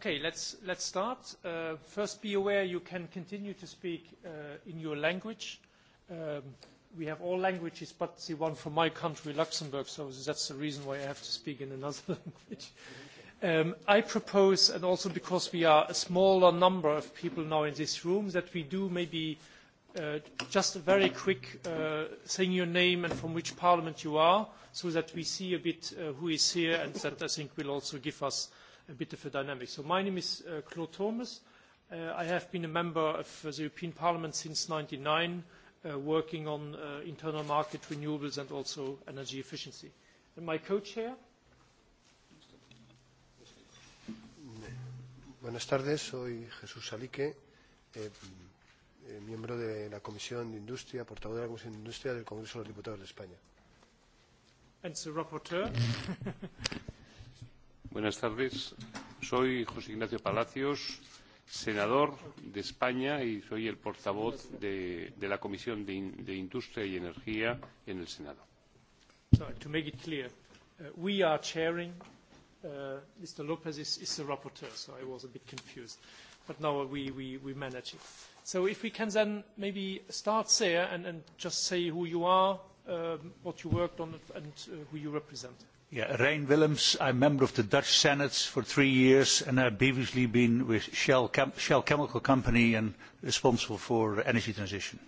Okay, let's, let's start. Uh, first, be aware you can continue to speak uh, in your language. Um, we have all languages but the one from my country, Luxembourg, so that's the reason why I have to speak in another language. Um, I propose, and also because we are a smaller number of people now in this room, that we do maybe uh, just a very quick uh, saying your name and from which parliament you are, so that we see a bit uh, who is here, and that I think will also give us a bit of a dynamic. So my name is uh, Claude Thomas. Uh, I have been a member of uh, the European Parliament since 1999, uh, working on uh, internal market renewables and also energy efficiency. And my co-chair? Buenas tardes, soy Jesús Salique, eh, eh, miembro de la Comisión de Industria, portavoz de la Comisión de Industria del Congreso de los Diputados de España. And the rapporteur? Buenas tardes. Soy José Ignacio Palacios, senador de España y soy el portavoz de, de la Comisión de, de Industria y Energía en el Senado. So, to make it clear, uh, we are chairing, uh, Mr. Lopez is, is the rapporteur, so I was a bit confused. But now we, we, we manage it. So if we can then maybe start there and, and just say who you are, um, what you worked on and uh, who you represent. Rein Willems, I'm a member of the Dutch Senate for three years and I've previously been with Shell, Chem Shell Chemical Company and responsible for energy transition.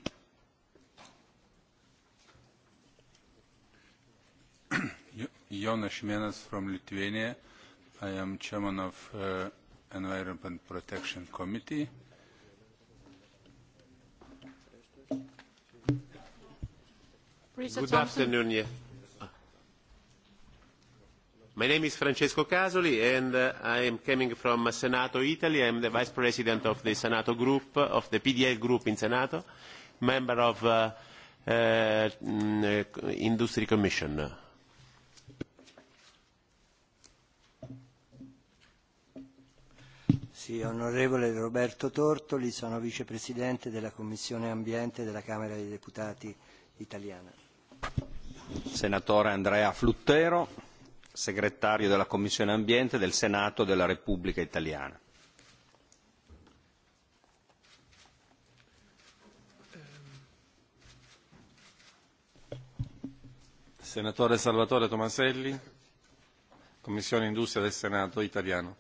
Jonas Menas from Lithuania. I am chairman of uh, Environment Protection Committee. Good afternoon. Yeah. My name is Francesco Casoli and uh, I am coming from Senato, Italy. I am the Vice President of the Senato Group, of the PDL Group in Senato, member of uh, uh, Industry Commission. Sì, onorevole Roberto Tortoli, sono vicepresidente della Commissione Ambiente della Camera dei Deputati italiana. Senatore Andrea Fluttero segretario della Commissione Ambiente del Senato della Repubblica Italiana. Senatore Salvatore Tomaselli, Commissione Industria del Senato italiano.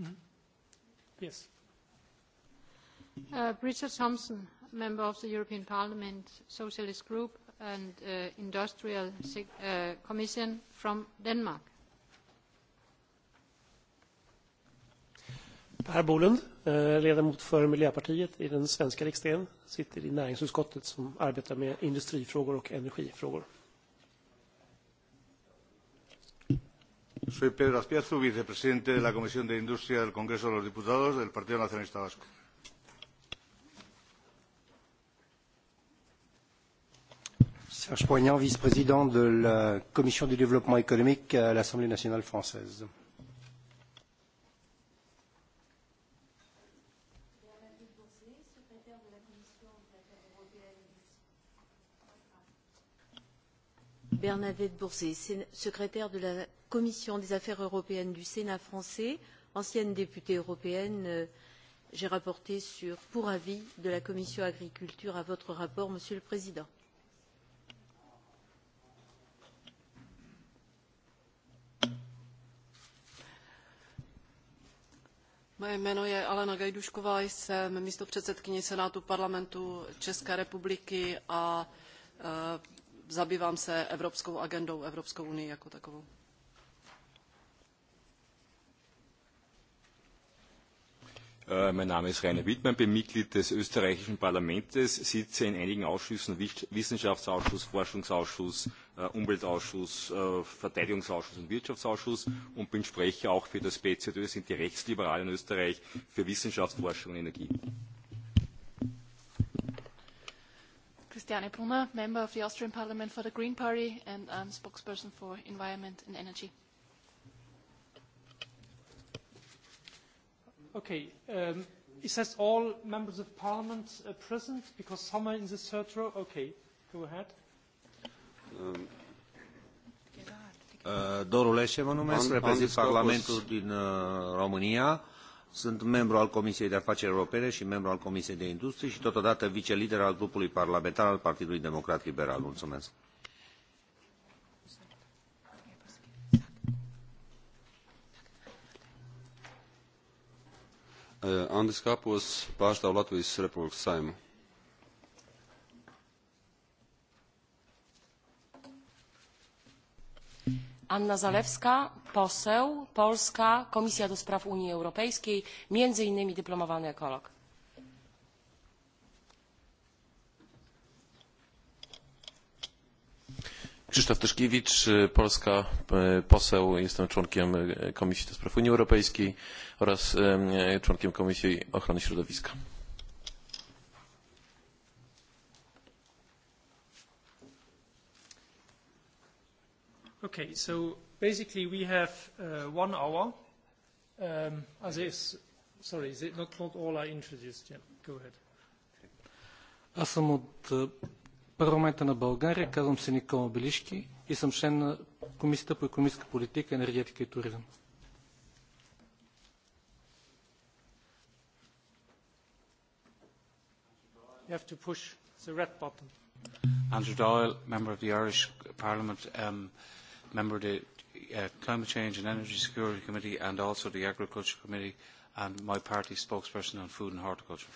Mm-hmm. Yes. Uh, Richard Thompson, member of the European Parliament Socialist Group and uh, Industrial uh, Commission from Denmark. Per Bolund, eh, ledamot för Miljöpartiet i den svenska riksdagen, sitter i näringsutskottet som arbetar med industrifrågor och energifrågor. Soy Pedro Aspiazu, vicepresidente de la Comisión de Industria del Congreso de los Diputados del Partido Nacionalista Vasco. Serge Poignant, vice-président de la Commission du développement économique à l'Assemblée nationale française. Bernadette Bourset, secrétaire de la Commission des affaires européennes du Sénat français, ancienne députée européenne. Euh, j'ai rapporté sur, pour avis de la Commission agriculture à votre rapport, Monsieur le Président. Moje jméno je Alena Gajdušková, jsem místo předsedkyně Senátu parlamentu České republiky a uh, zabývám se evropskou agendou, Evropskou unii jako takovou. Äh, mein Name ist Rainer Wittmann, bin Mitglied des österreichischen Parlaments, sitze in einigen Ausschüssen, Wissenschaftsausschuss, Forschungsausschuss, Äh, Umweltausschuss, äh, Verteidigungsausschuss und Wirtschaftsausschuss und bin Sprecher auch für das BZÖ, sind die Rechtsliberalen in Österreich für Wissenschaft, Forschung und Energie. Christiane Brunner, member of the Austrian Parliament for the Green Party and I'm spokesperson for Environment and Energy. Okay, um, it says all members of Parliament uh, present because somewhere in the third row. Okay, go ahead. Ehm, eh, Doru Leșe mă numesc, reprezint Parlamentul din eh, România, sunt membru al Comisiei de Afaceri Europene și membru al Comisiei de Industrie și totodată vicelider al grupului parlamentar al Partidului Democrat Liberal. Mulțumesc! Eh, Andis Kapos, pārstāv Latvijas Republikas saimu. Anna Zalewska, poseł, Polska, Komisja do Spraw Unii Europejskiej, między innymi dyplomowany ekolog. Krzysztof Tyszkiewicz, Polska, e, poseł, jestem członkiem e, Komisji do Spraw Unii Europejskiej oraz e, członkiem Komisji Ochrony Środowiska. Okay, so basically we have uh, one hour. Um, as is, sorry, is it not, not all I introduced? Yeah, go ahead. Аз съм от парламента на България, казвам се Никола Белишки и съм член на Комисията по економическа политика, енергетика и туризъм. You have to push the red button. Andrew Doyle, member of the Irish Parliament. Um, member of the uh, Climate Change and Energy Security Committee and also the Agriculture Committee and my party spokesperson on food and horticulture.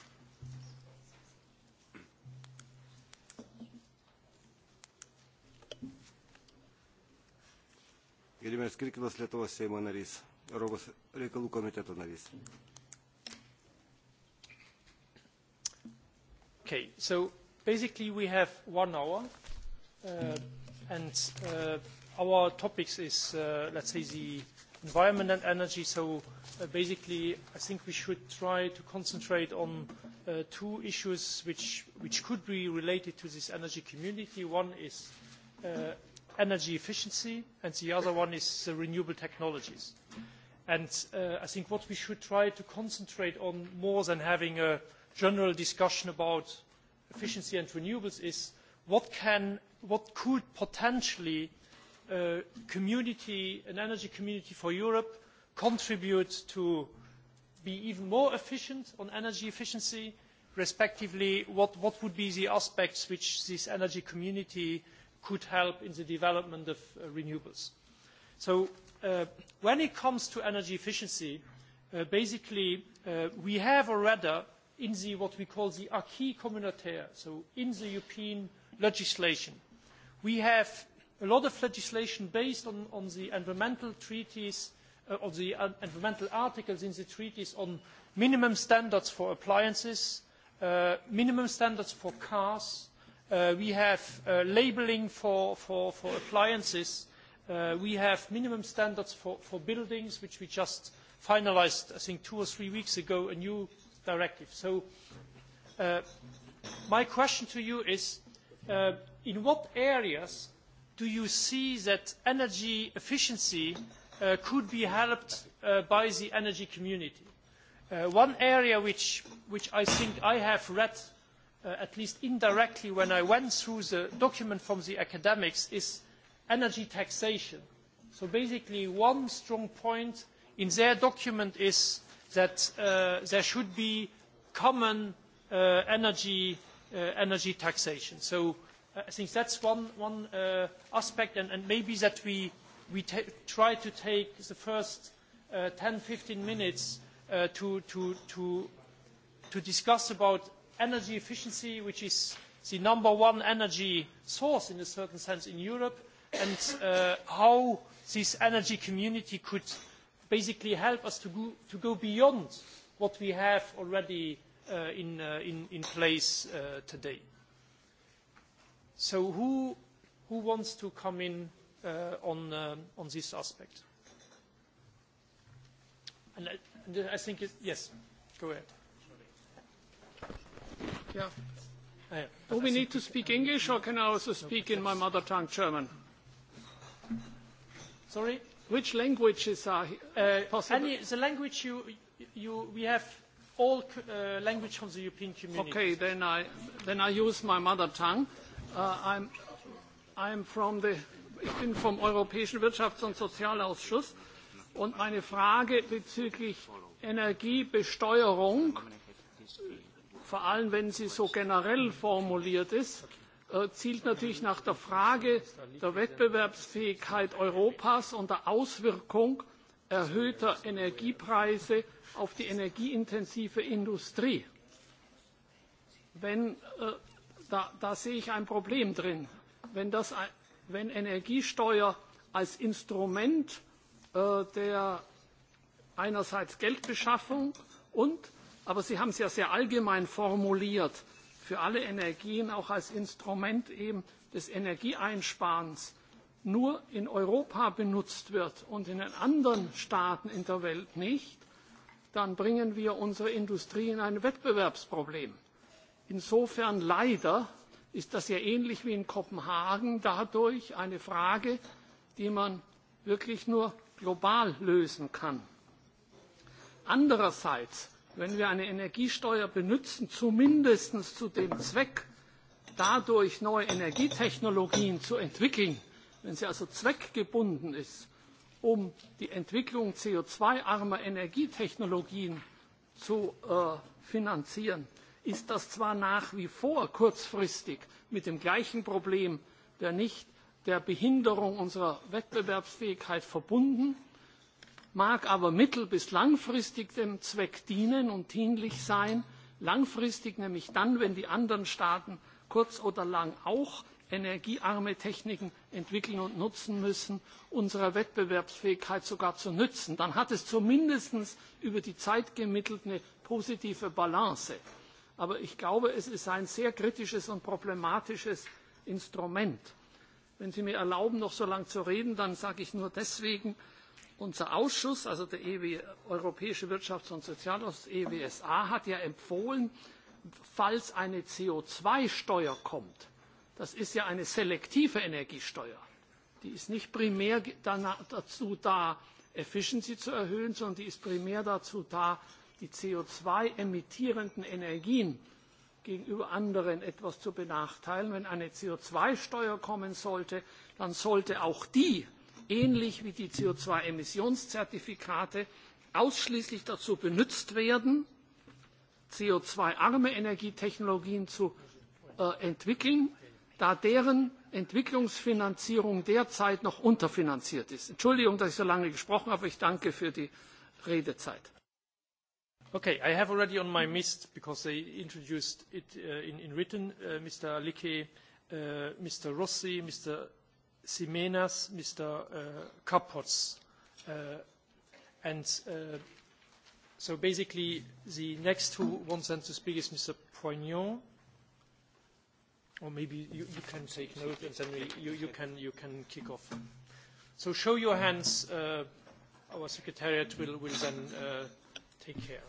Gediminas Kirkilas, Lietuvos Seimo narys, Europos reikalų komiteto narys. Okay, so basically we have one hour uh, and uh, our topics is, uh, let's say, the environment and energy, so uh, basically I think we should try to concentrate on uh, two issues which, which could be related to this energy community. One is uh, energy efficiency, and the other one is uh, renewable technologies. And uh, I think what we should try to concentrate on more than having a general discussion about efficiency and renewables is what, can, what could potentially uh, Uh, community, an energy community for Europe contribute to be even more efficient on energy efficiency, respectively what, what would be the aspects which this energy community could help in the development of uh, renewables. So uh, when it comes to energy efficiency, uh, basically uh, we have already in the, what we call the acquis communautaire, so in the European legislation, we have a lot of legislation based on, on the environmental treaties, uh, the uh, environmental articles in the treaties on minimum standards for appliances, uh, minimum standards for cars, uh, we have uh, labeling for, for, for appliances, uh, we have minimum standards for, for buildings, which we just finalized, I think, two or three weeks ago, a new directive. So uh, my question to you is, uh, in what areas do you see that energy efficiency uh, could be helped uh, by the energy community? Uh, one area which, which I think I have read, uh, at least indirectly when I went through the document from the academics, is energy taxation. So basically one strong point in their document is that uh, there should be common uh, energy, uh, energy taxation. So I uh, think that's one, one uh, aspect, and, and maybe that we, we try to take the first uh, 10, 15 minutes uh, to, to, to, to discuss about energy efficiency, which is the number one energy source in a certain sense in Europe, and uh, how this energy community could basically help us to go, to go beyond what we have already uh, in, uh, in, in place uh, today. So who, who wants to come in uh, on, um, on this aspect? And I, I think, it, yes, go ahead. Yeah. Uh, Do we need to speak English or can I also speak in my mother tongue, German? Sorry? Which languages are uh, possible? Any, the language you, you, we have all uh, language from the European community. Okay, then I, then I use my mother tongue. Uh, I'm, I'm from the, ich bin vom Europäischen Wirtschafts- und Sozialausschuss und meine Frage bezüglich Energiebesteuerung, vor allem wenn sie so generell formuliert ist, äh, zielt natürlich nach der Frage der Wettbewerbsfähigkeit Europas und der Auswirkung erhöhter Energiepreise auf die energieintensive Industrie. Wenn äh, da, da sehe ich ein Problem drin. Wenn, das, wenn Energiesteuer als Instrument äh, der einerseits Geldbeschaffung und, aber Sie haben es ja sehr allgemein formuliert, für alle Energien auch als Instrument eben des Energieeinsparens nur in Europa benutzt wird und in den anderen Staaten in der Welt nicht, dann bringen wir unsere Industrie in ein Wettbewerbsproblem. Insofern leider ist das ja ähnlich wie in Kopenhagen dadurch eine Frage, die man wirklich nur global lösen kann. Andererseits, wenn wir eine Energiesteuer benutzen, zumindest zu dem Zweck, dadurch neue Energietechnologien zu entwickeln, wenn sie also zweckgebunden ist, um die Entwicklung CO2-armer Energietechnologien zu äh, finanzieren, ist das zwar nach wie vor kurzfristig mit dem gleichen Problem der nicht der Behinderung unserer Wettbewerbsfähigkeit verbunden, mag aber mittel- bis langfristig dem Zweck dienen und dienlich sein, langfristig nämlich dann, wenn die anderen Staaten kurz oder lang auch energiearme Techniken entwickeln und nutzen müssen, unserer Wettbewerbsfähigkeit sogar zu nützen. Dann hat es zumindest über die Zeit gemittelt eine positive Balance. Aber ich glaube, es ist ein sehr kritisches und problematisches Instrument. Wenn Sie mir erlauben, noch so lange zu reden, dann sage ich nur deswegen, unser Ausschuss, also der EW, Europäische Wirtschafts- und Sozialausschuss, EWSA, hat ja empfohlen, falls eine CO2-Steuer kommt, das ist ja eine selektive Energiesteuer, die ist nicht primär dazu da, Efficiency zu erhöhen, sondern die ist primär dazu da, die CO2-emittierenden Energien gegenüber anderen etwas zu benachteilen. Wenn eine CO2-Steuer kommen sollte, dann sollte auch die, ähnlich wie die CO2-Emissionszertifikate, ausschließlich dazu benutzt werden, CO2-arme Energietechnologien zu äh, entwickeln, da deren Entwicklungsfinanzierung derzeit noch unterfinanziert ist. Entschuldigung, dass ich so lange gesprochen habe. Ich danke für die Redezeit. Okay, I have already on my list, because they introduced it uh, in, in written, uh, Mr. Licke, uh, Mr. Rossi, Mr. Simenas, Mr. Uh, Kapots. Uh, and uh, so basically the next who wants then to speak is Mr. Poignon. Or maybe you, you can take note and then we, you, you, can, you can kick off. So show your hands. Uh, our secretariat will, will then uh, take care.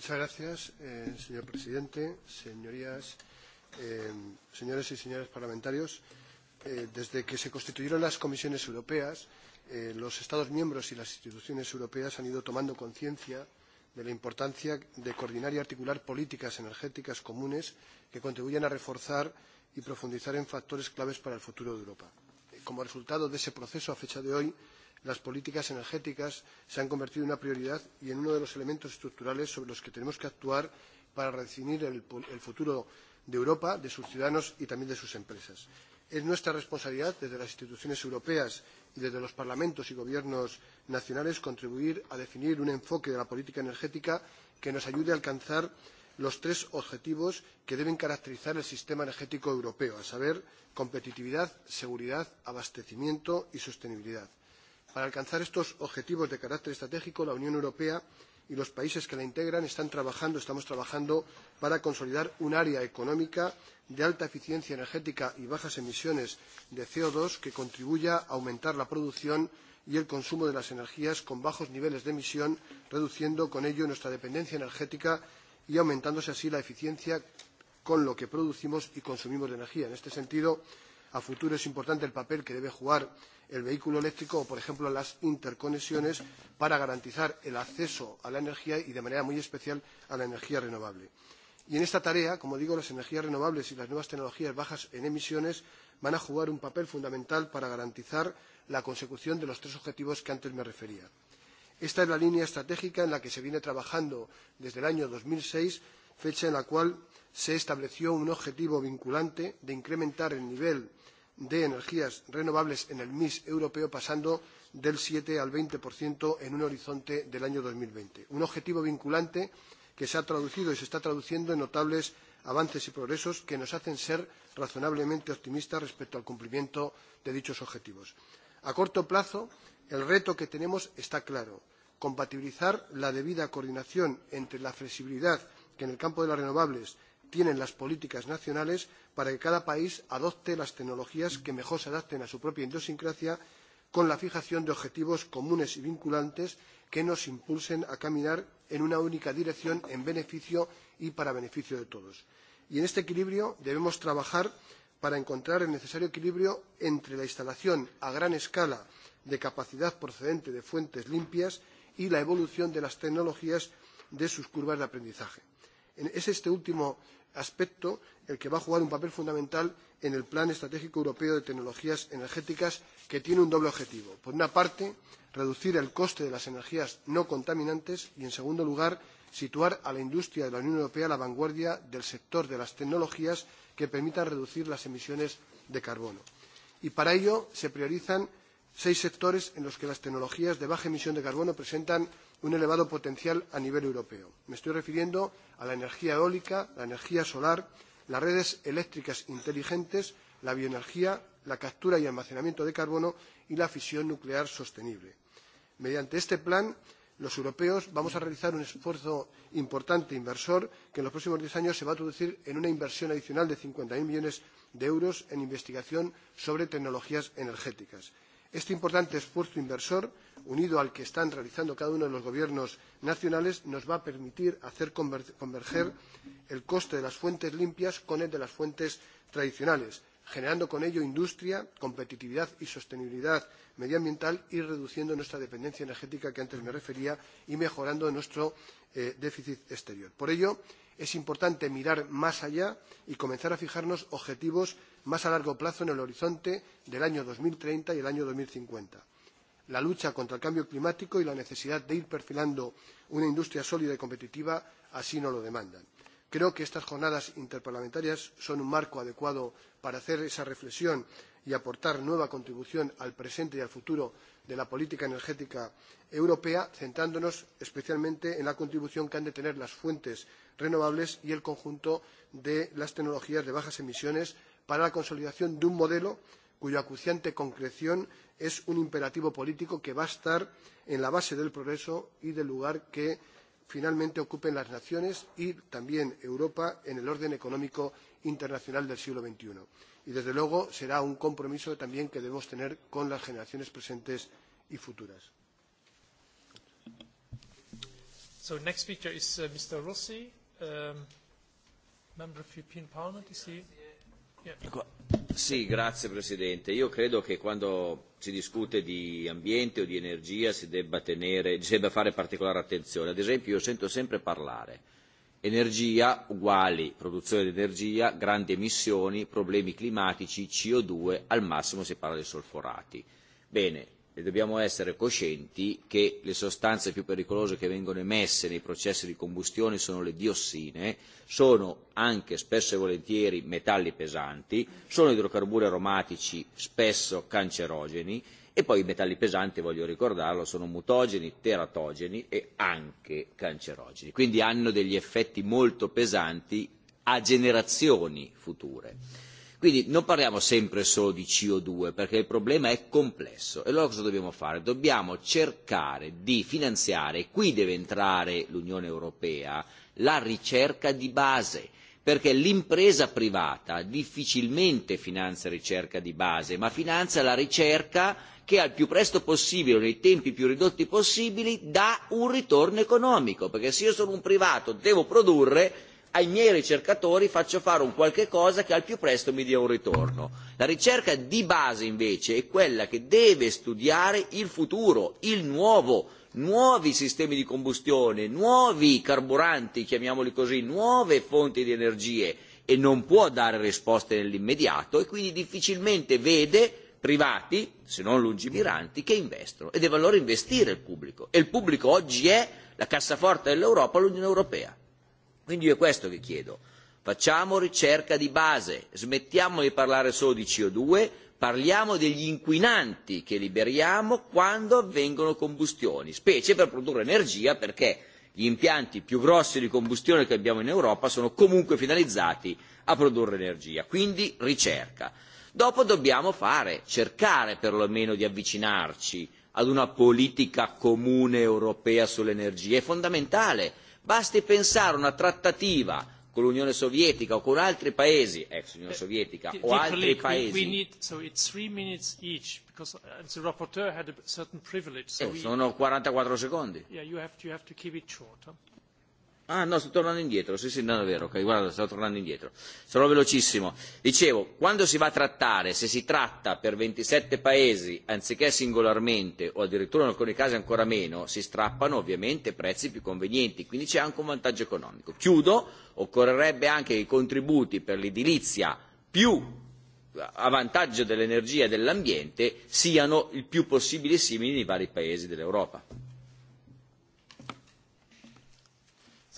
Muchas gracias, eh, señor presidente, señorías, eh, señores y señoras parlamentarios. Eh, desde que se constituyeron las comisiones europeas, eh, los Estados miembros y las instituciones europeas han ido tomando conciencia de la importancia de coordinar y articular políticas energéticas comunes que contribuyan a reforzar y profundizar en factores claves para el futuro de Europa. Eh, como resultado de ese proceso, a fecha de hoy, las políticas energéticas se han convertido en una prioridad y en uno de los elementos estructurales sobre los que tenemos que actuar para redefinir el, el futuro de Europa, de sus ciudadanos y también de sus empresas. Es nuestra responsabilidad desde las instituciones europeas y desde los parlamentos y gobiernos nacionales contribuir a definir un enfoque de la política energética que nos ayude a alcanzar los tres objetivos que deben caracterizar el sistema energético europeo, a saber, competitividad, seguridad, abastecimiento y sostenibilidad. Para alcanzar estos objetivos de carácter estratégico, la Unión Europea y los países que la integran están trabajando, estamos trabajando para consolidar un área económica de alta eficiencia energética y bajas emisiones de co dos que contribuya a aumentar la producción y el consumo de las energías con bajos niveles de emisión, reduciendo con ello nuestra dependencia energética y aumentándose así la eficiencia con lo que producimos y consumimos de energía. En este sentido, a futuro es importante el papel que debe jugar el vehículo eléctrico o, por ejemplo, las interconexiones para garantizar el acceso a la energía y, de manera muy especial, a la energía renovable. Y en esta tarea, como digo, las energías renovables y las nuevas tecnologías bajas en emisiones van a jugar un papel fundamental para garantizar la consecución de los tres objetivos que antes me refería. Esta es la línea estratégica en la que se viene trabajando desde el año 2006 fecha en la cual se estableció un objetivo vinculante de incrementar el nivel de energías renovables en el mis europeo pasando del 7 al 20% en un horizonte del año 2020. Un objetivo vinculante que se ha traducido y se está traduciendo en notables avances y progresos que nos hacen ser razonablemente optimistas respecto al cumplimiento de dichos objetivos. A corto plazo, el reto que tenemos está claro. Compatibilizar la debida coordinación entre la flexibilidad que en el campo de las renovables tienen las políticas nacionales para que cada país adopte las tecnologías que mejor se adapten a su propia idiosincrasia con la fijación de objetivos comunes y vinculantes que nos impulsen a caminar en una única dirección en beneficio y para beneficio de todos. Y en este equilibrio debemos trabajar para encontrar el necesario equilibrio entre la instalación a gran escala de capacidad procedente de fuentes limpias y la evolución de las tecnologías de sus curvas de aprendizaje. Es este último aspecto el que va a jugar un papel fundamental en el Plan Estratégico Europeo de Tecnologías Energéticas, que tiene un doble objetivo. Por una parte, reducir el coste de las energías no contaminantes y, en segundo lugar, situar a la industria de la Unión Europea a la vanguardia del sector de las tecnologías que permitan reducir las emisiones de carbono. Y para ello se priorizan seis sectores en los que las tecnologías de baja emisión de carbono presentan un elevado potencial a nivel europeo. Me estoy refiriendo a la energía eólica, la energía solar, las redes eléctricas inteligentes, la bioenergía, la captura y almacenamiento de carbono y la fisión nuclear sostenible. Mediante este plan, los europeos vamos a realizar un esfuerzo importante inversor que en los próximos diez años se va a traducir en una inversión adicional de cincuenta 50.000 millones de euros en investigación sobre tecnologías energéticas. Este importante esfuerzo inversor unido al que están realizando cada uno de los gobiernos nacionales, nos va a permitir hacer converger el coste de las fuentes limpias con el de las fuentes tradicionales, generando con ello industria, competitividad y sostenibilidad medioambiental y reduciendo nuestra dependencia energética que antes me refería y mejorando nuestro eh, déficit exterior. Por ello, es importante mirar más allá y comenzar a fijarnos objetivos más a largo plazo en el horizonte del año 2030 y el año 2050 la lucha contra el cambio climático y la necesidad de ir perfilando una industria sólida y competitiva así nos lo demandan. Creo que estas jornadas interparlamentarias son un marco adecuado para hacer esa reflexión y aportar nueva contribución al presente y al futuro de la política energética europea, centrándonos especialmente en la contribución que han de tener las fuentes renovables y el conjunto de las tecnologías de bajas emisiones para la consolidación de un modelo cuya acuciante concreción es un imperativo político que va a estar en la base del progreso y del lugar que finalmente ocupen las naciones y también Europa en el orden económico internacional del siglo XXI. Y desde luego será un compromiso también que debemos tener con las generaciones presentes y futuras. So next speaker is uh, Mr. Rossi, um, member of European Parliament. Is he? Sì, grazie Presidente. Io credo che quando si discute di ambiente o di energia si debba, tenere, si debba fare particolare attenzione. Ad esempio io sento sempre parlare energia uguali produzione di energia, grandi emissioni, problemi climatici, CO2, al massimo si parla di solforati. Bene, e dobbiamo essere coscienti che le sostanze più pericolose che vengono emesse nei processi di combustione sono le diossine, sono anche spesso e volentieri metalli pesanti, sono idrocarburi aromatici spesso cancerogeni e poi i metalli pesanti, voglio ricordarlo, sono mutogeni, teratogeni e anche cancerogeni, quindi hanno degli effetti molto pesanti a generazioni future. Quindi non parliamo sempre solo di CO2 perché il problema è complesso. E allora cosa dobbiamo fare? Dobbiamo cercare di finanziare, e qui deve entrare l'Unione Europea, la ricerca di base perché l'impresa privata difficilmente finanzia ricerca di base, ma finanzia la ricerca che al più presto possibile, nei tempi più ridotti possibili, dà un ritorno economico, perché se io sono un privato, devo produrre, ai miei ricercatori faccio fare un qualche cosa che al più presto mi dia un ritorno. La ricerca di base invece è quella che deve studiare il futuro, il nuovo, nuovi sistemi di combustione, nuovi carburanti, chiamiamoli così, nuove fonti di energie e non può dare risposte nell'immediato e quindi difficilmente vede privati, se non lungimiranti, che investono e deve allora investire il pubblico e il pubblico oggi è la cassaforte dell'Europa, l'Unione Europea. Quindi io è questo che chiedo. Facciamo ricerca di base, smettiamo di parlare solo di CO2, parliamo degli inquinanti che liberiamo quando avvengono combustioni, specie per produrre energia perché gli impianti più grossi di combustione che abbiamo in Europa sono comunque finalizzati a produrre energia, quindi ricerca. Dopo dobbiamo fare, cercare perlomeno di avvicinarci ad una politica comune europea sull'energia, è fondamentale Basti pensare a una trattativa con l'Unione Sovietica o con altri paesi, ex Unione eh, Sovietica o altri paesi. We, we need, so it's three minutes each because uh, the rapporteur had a certain privilege. So eh, we, sono 44 secondi. Yeah, you have to, you have to keep it short. Huh? Ah no, sto tornando indietro, sì sì, no è vero, ok, guarda, sto tornando indietro. Sarò velocissimo. Dicevo, quando si va a trattare, se si tratta per 27 paesi anziché singolarmente o addirittura in alcuni casi ancora meno, si strappano ovviamente prezzi più convenienti, quindi c'è anche un vantaggio economico. Chiudo, occorrerebbe anche che i contributi per l'edilizia più a vantaggio dell'energia e dell'ambiente siano il più possibile simili nei vari paesi dell'Europa.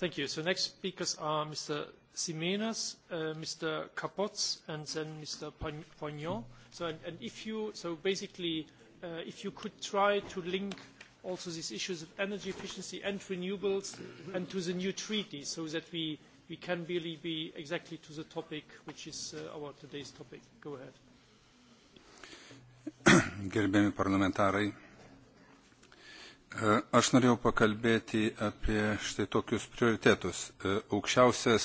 Thank you. So next speakers are Mr. Simenas, uh, Mr. Kapots, and then Mr. Pognon. So, and, and if you, so basically, uh, if you could try to link also these issues of energy efficiency and renewables and to the new treaty so that we, we can really be exactly to the topic which is uh, our today's topic. Go ahead. Aš norėjau pakalbėti apie štai tokius prioritetus. Aukščiausias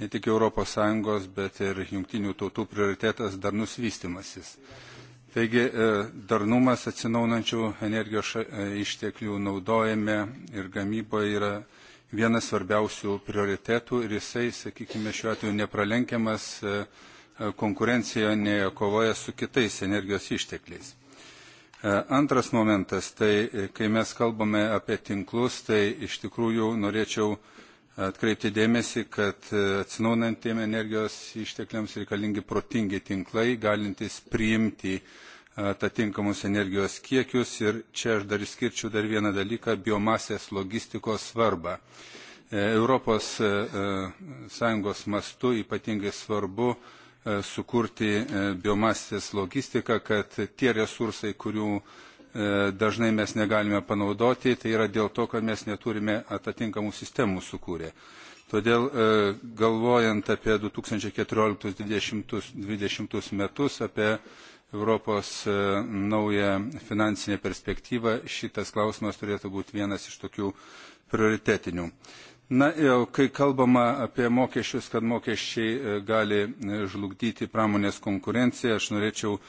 ne tik ES, bet ir jungtinių tautų prioritetas darnus vystimasis. Taigi darnumas atsinaunančių energijos išteklių naudojame ir gamyboje yra vienas svarbiausių prioritetų ir jisai, sakykime, šiuo atveju nepralenkiamas konkurencijoje kovoja su kitais energijos ištekliais. E, antras momentas, tai e, kai mes kalbame apie tinklus, tai iš tikrųjų norėčiau e, atkreipti dėmesį, kad atsinaunantiem energijos ištekliams reikalingi protingi tinklai, galintys priimti ta energijos kiekius ir čia aš dar išskirčiau dar vieną dalyką – biomasės logistikos svarbą. Europos Sąjungos mastu ypatingai svarbu E, sukurti e, biomasės logistiką, kad tie resursai, kurių e, dažnai mes negalime panaudoti, tai yra dėl to, kad mes neturime atatinkamų sistemų sukūrę. Todėl galvojant apie 2014-2020 metus, apie Europos naują finansinę perspektyvą, šitas klausimas turėtų būti vienas iš tokių prioritetinių. Na, jau, kai kalbama apie mokesčius, kad mokesčiai e, gali e, žlugdyti pramonės konkurenciją, aš norėčiau e,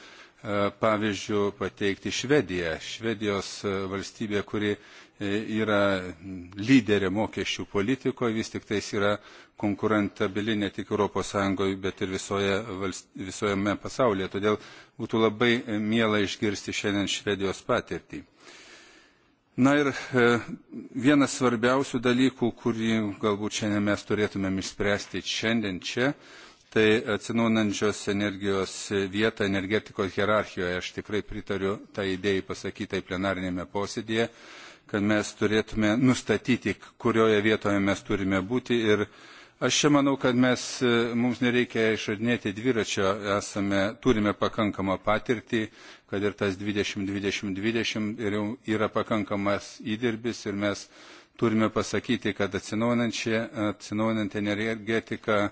pavyzdžių pateikti Švediją. Švedijos valstybė, kuri yra lyderė mokesčių politikoje, vis tik tais yra konkurentabili ne tik Europos Sąjungoje, bet ir visoje, visoje pasaulyje. Todėl būtų labai miela išgirsti šiandien Švedijos patirtį. Na ir e, vienas svarbiausių dalykų, kurį galbūt šiandien mes turėtumėm išspręsti šiandien čia, tai atsinaunančios energijos vieta energetikos hierarchijoje. Aš tikrai pritariu tą idėją pasakytai plenarinėme posėdėje, kad mes turėtume nustatyti, kurioje vietoje mes turime būti ir Aš čia manau, kad mes, e, mums nereikia išradinėti dviračio, esame, turime pakankamą patirtį, kad ir tas 20-20-20 ir jau yra pakankamas įdirbis ir mes turime pasakyti, kad atsinaujinanti energetika e,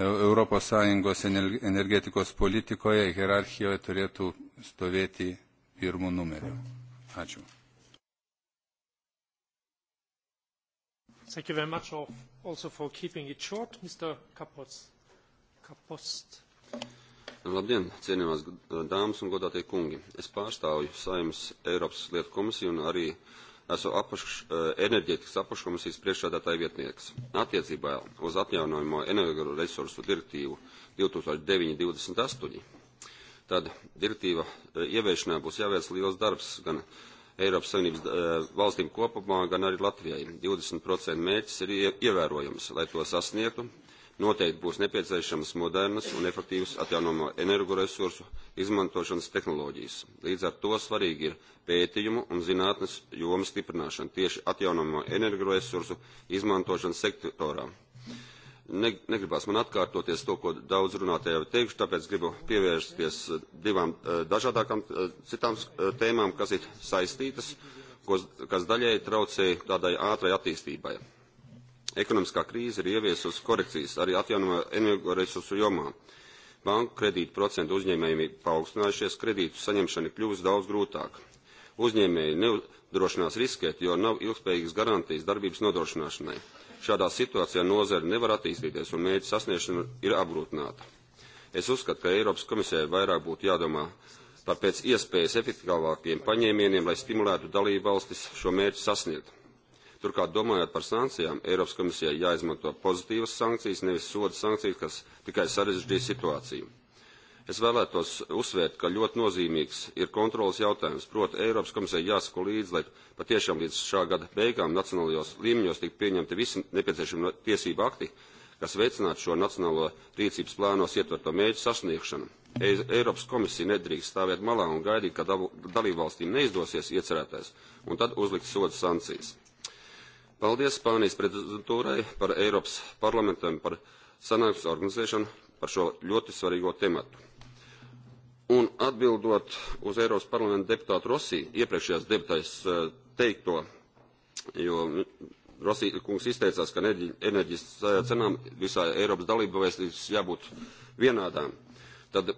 Europos Sąjungos energetikos politikoje hierarchijoje turėtų stovėti pirmų numerių. Ačiū. Thank you very much all also for keeping it short. Mr. Kapost. Kapost. Labdien, cienījumās dāmas un godātie kungi. Es pārstāvu Saimas Eiropas lietu komisiju un arī esmu apaš, eh, enerģētikas apakškomisijas priekšsēdētāja vietnieks. Attiecībā uz atjaunojamo energoresursu direktīvu 2009-28, tad direktīva eh, ieviešanā būs jāveic liels darbs gan Eiropas Savienības eh, valstīm kopumā, gan arī Latvijai. 20% mērķis ir ievērojams, lai to sasniegtu. Noteikti būs nepieciešamas modernas un efektīvas atjaunamo energoresursu izmantošanas tehnoloģijas. Līdz ar to svarīgi ir pētījumu un zinātnes jomas stiprināšana tieši atjaunamo energoresursu izmantošanas sektorā negribas man atkārtoties to, ko daudz runātajā teikšu, tāpēc gribu pievērsties eh, divām eh, dažādākām eh, citām tēmām, kas ir saistītas, kas daļēji traucēja tādai ātrai attīstībai. Ekonomiskā krīze ir ieviesusi korekcijas arī atjaunojamo energoresursu jomā. Banku kredītu procentu uzņēmējumi paaugstinājušies, kredītu saņemšana kļūst daudz grūtāk. Uzņēmēji neudrošinās riskēt, jo nav ilgspējīgas garantijas darbības nodrošināšanai. Šādā situācijā nozare nevar attīstīties un mērķa sasniegšana ir apgrūtināta. Es uzskatu, ka Eiropas komisijai vairāk būtu jādomā par pēc iespējas efektīvākiem paņēmieniem, lai stimulētu dalību valstis šo mērķu sasniegt. Turklāt, domājot par sankcijām, Eiropas komisijai jāizmanto pozitīvas sankcijas, nevis soda sankcijas, kas tikai sarežģīja situāciju. Es vēlētos uzsvērt, ka ļoti nozīmīgs ir kontrolas jautājums. Proti, Eiropas komisija jāsako līdzi, lai patiešām līdz šā gada beigām nacionālajos līmeņos tik pieņemti visi nepieciešami tiesību akti, kas veicinātu šo nacionālo rīcības plānos ietverto mēģu sasniegšanu. Eiropas komisija nedrīkst stāvēt malā un gaidīt, ka dalībvalstīm neizdosies iecerētais, un tad uzlikt sodu sankcijas. Paldies Spānijas prezidentūrai par Eiropas parlamentam par sanāksmes organizēšanu par šo ļoti svarīgo tematu. Un atbildot uz Eiropas parlamenta deputātu Rossi, iepriekšējās deputājas eh, teikto, jo Rossi kungs izteicās, ka enerģijas eh, cenām visā Eiropas dalība vēstības jābūt vienādām. Tad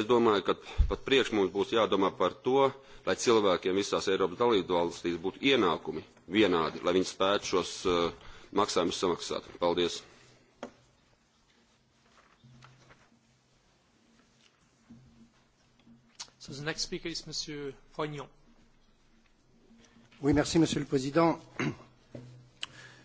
es domāju, ka pat priekš mums būs jādomā par to, lai cilvēkiem visās Eiropas dalību valstīs būtu ienākumi vienādi, lai viņi spētu šos eh, maksājumus samaksāt. Paldies! So the next speaker is Monsieur Oui, merci Monsieur le Président.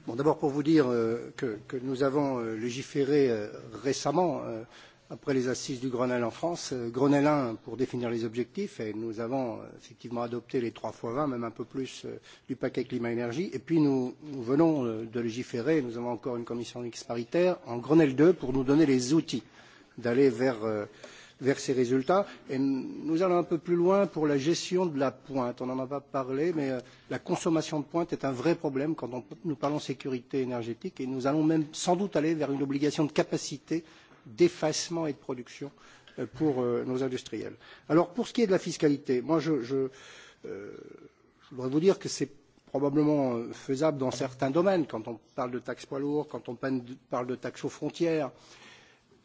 Bon, D'abord pour vous dire euh, que, que nous avons euh, légiféré euh, récemment euh, après les assises du Grenelle en France, euh, Grenelle 1 pour définir les objectifs, et nous avons euh, effectivement adopté les 3 fois 20, même un peu plus, euh, du paquet climat-énergie, et puis nous, nous venons euh, de légiférer, nous avons encore une commission mixte paritaire, en Grenelle 2 pour nous donner les outils d'aller vers euh, vers ces résultats. Et nous allons un peu plus loin pour la gestion de la pointe. On n'en a pas parlé, mais euh, la consommation de pointe est un vrai problème quand on, nous parlons sécurité énergétique et nous allons même sans doute aller vers une obligation de capacité d'effacement et de production euh, pour euh, nos industriels. Alors pour ce qui est de la fiscalité, moi je, je, euh, je dois vous dire que c'est probablement faisable dans certains domaines, quand on parle de taxes poids lourds, quand on parle de taxes aux frontières, euh,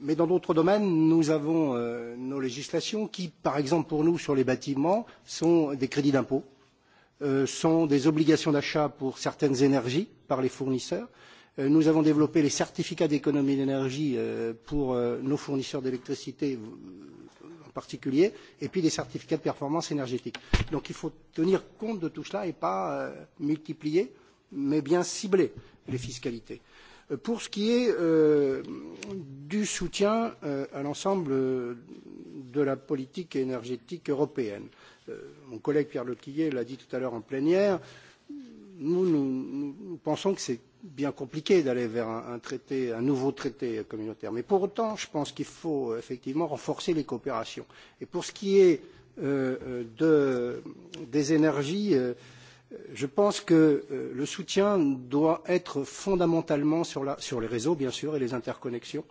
Mais dans d'autres domaines, nous avons euh, nos législations qui, par exemple pour nous sur les bâtiments, sont des crédits d'impôt, euh, sont des obligations d'achat pour certaines énergies par les fournisseurs. Euh, nous avons développé les certificats d'économie d'énergie euh, pour euh, nos fournisseurs d'électricité euh, en particulier, et puis des certificats de performance énergétique. Donc il faut tenir compte de tout cela et pas euh, multiplier, mais bien cibler les fiscalités. Euh, pour ce qui est euh, du soutien euh, à l'ensemble de la politique énergétique européenne, mon collègue Pierre Lequillier l'a dit tout à l'heure en plénière, nous, nous, nous pensons que c'est bien compliqué d'aller vers un, un, traité, un nouveau traité communautaire. Mais pour autant, je pense qu'il faut effectivement renforcer les coopérations. Et pour ce qui est euh, de, des énergies, euh, je pense que euh, le soutien doit être fondamentalement sur, la, sur les réseaux, bien sûr, et les interconnexions,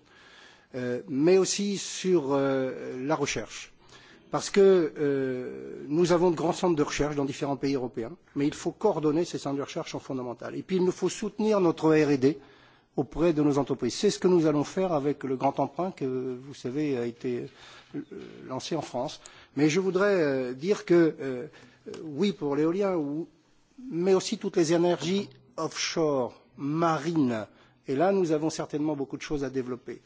euh, mais aussi sur euh, la recherche. Parce que euh, nous avons de grands centres de recherche dans différents pays européens, mais il faut coordonner ces centres de recherche en fondamental. Et puis il nous faut soutenir notre R&D auprès de nos entreprises. C'est ce que nous allons faire avec le grand emprunt que, vous savez, a été euh, lancé en France. Mais je voudrais euh, dire que, euh, oui pour l'éolien, mais aussi toutes les énergies offshore, marines. Et là, nous avons certainement beaucoup de choses à développer.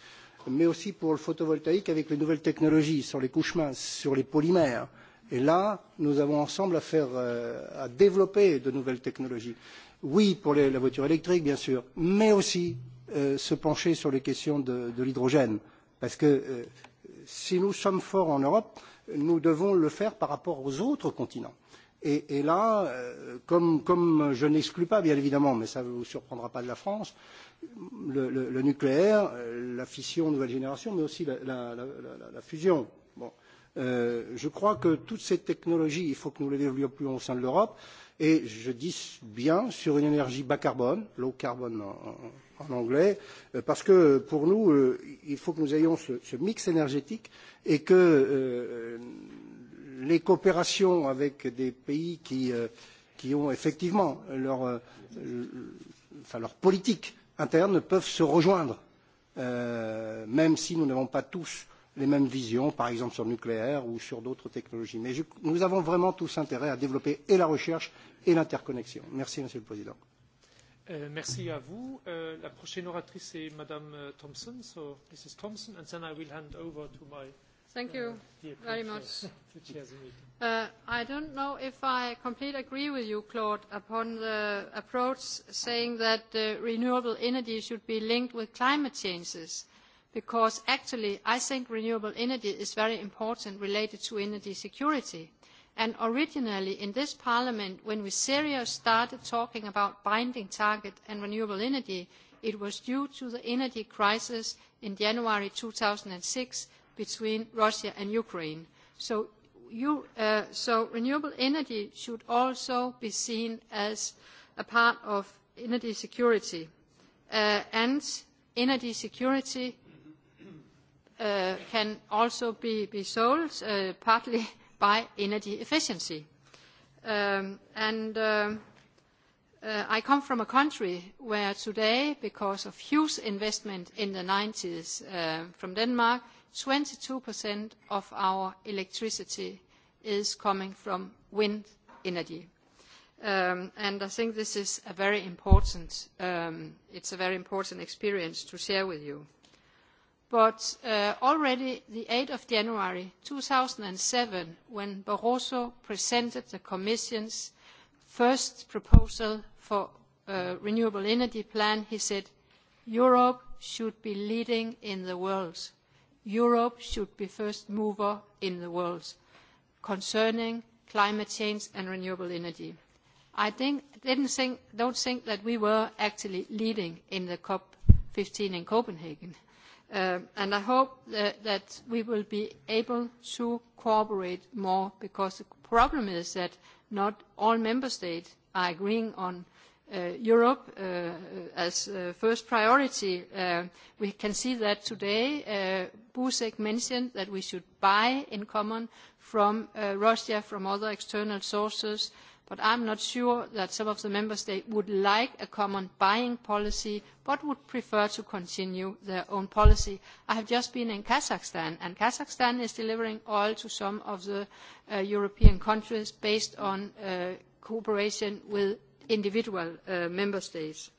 Mais aussi pour le photovoltaïque avec les nouvelles technologies sur les couches minces, sur les polymères. Et là, nous avons ensemble à, faire, euh, à développer de nouvelles technologies. Oui, pour les, la voiture électrique, bien sûr, mais aussi euh, se pencher sur les questions de, de l'hydrogène. Parce que euh, si nous sommes forts en Europe, nous devons le faire par rapport aux autres continents. Et, et là, euh, comme, comme je n'exclus pas, bien évidemment, mais ça ne vous surprendra pas de la France, le, le, le nucléaire, euh, la fission nouvelle génération, mais aussi la, la, la, la, la fusion. Bon. Euh, je crois que toutes ces technologies, il faut que nous les développions au sein de l'Europe, et je dis bien sur une énergie bas carbone, low carbone en, en, en anglais, euh, parce que pour nous, il faut que nous ayons ce, ce mix énergétique et que euh, les coopérations avec des pays qui, euh, qui ont effectivement leur, euh, enfin, leur politique interne peuvent se rejoindre, euh, même si nous n'avons pas tous les mêmes visions, par exemple sur le nucléaire ou sur d'autres technologies. Mais je, nous avons vraiment tous intérêt à développer et la recherche et l'interconnexion. Merci, Monsieur le Président. Uh, merci à vous. Uh, la prochaine oratrice est Madame euh, Thompson. So, Mrs. Thompson, and then I will hand over to my Thank you uh, very much. Uh, I don't know if I completely agree with you, Claude, upon the approach saying that uh, renewable energy should be linked with climate changes, because actually I think renewable energy is very important related to energy security. And originally in this parliament, when we seriously started talking about binding target and renewable energy, it was due to the energy crisis in January 2006 between Russia and Ukraine. So, you, uh, so renewable energy should also be seen as a part of energy security. Uh, and energy security uh, can also be, be sold uh, partly by energy efficiency. Um, and um, uh, I come from a country where today, because of huge investment in the 90s uh, from Denmark, 22% of our electricity is coming from wind energy. Um, and I think this is a very important, um, it's a very important experience to share with you. But uh, already the 8th of January 2007, when Barroso presented the Commission's first proposal for a renewable energy plan, he said, Europe should be leading in the world Europe should be first mover in the world concerning climate change and renewable energy. I think, didn't think, don't think that we were actually leading in the COP 15 in Copenhagen. Uh, and I hope that, that we will be able to cooperate more because the problem is that not all member states are agreeing on uh, Europe uh, uh, as uh, first priority. Uh, we can see that today. Uh, Busek mentioned that we should buy in common from uh, Russia, from other external sources, but I'm not sure that some of the member states would like a common buying policy, but would prefer to continue their own policy. I have just been in Kazakhstan, and Kazakhstan is delivering oil to some of the uh, European countries based on uh, cooperation with individual uh, member states.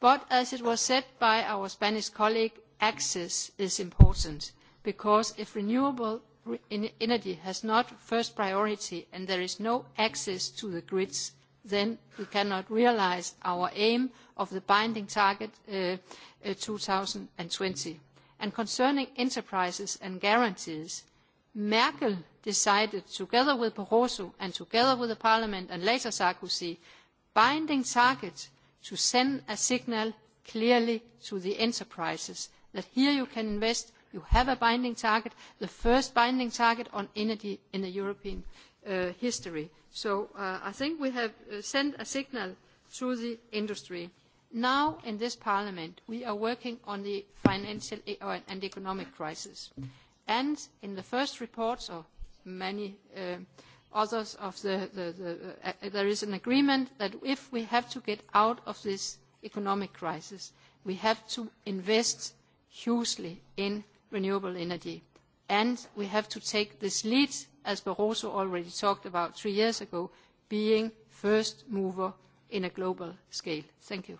But as it was said by our Spanish colleague, access is important because if renewable re energy has not first priority and there is no access to the grids, then we cannot realise our aim of the binding target uh, uh, twenty. And concerning enterprises and guarantees, Merkel decided together with Barroso and together with the Parliament and later Sarkozy binding target to send a signal clearly to the enterprises that here you can invest, you have a binding target, the first binding target on energy in the European uh, history. So uh, I think we have uh, sent a signal to the industry. Now in this parliament, we are working on the financial e, and economic crisis. And in the first reports, of many uh, others of the, the, the uh, there is an agreement that if we have to get out of this economic crisis, we have to invest hugely in renewable energy. And we have to take this lead, as Barroso already talked about three years ago, being first mover in a global scale. Thank you.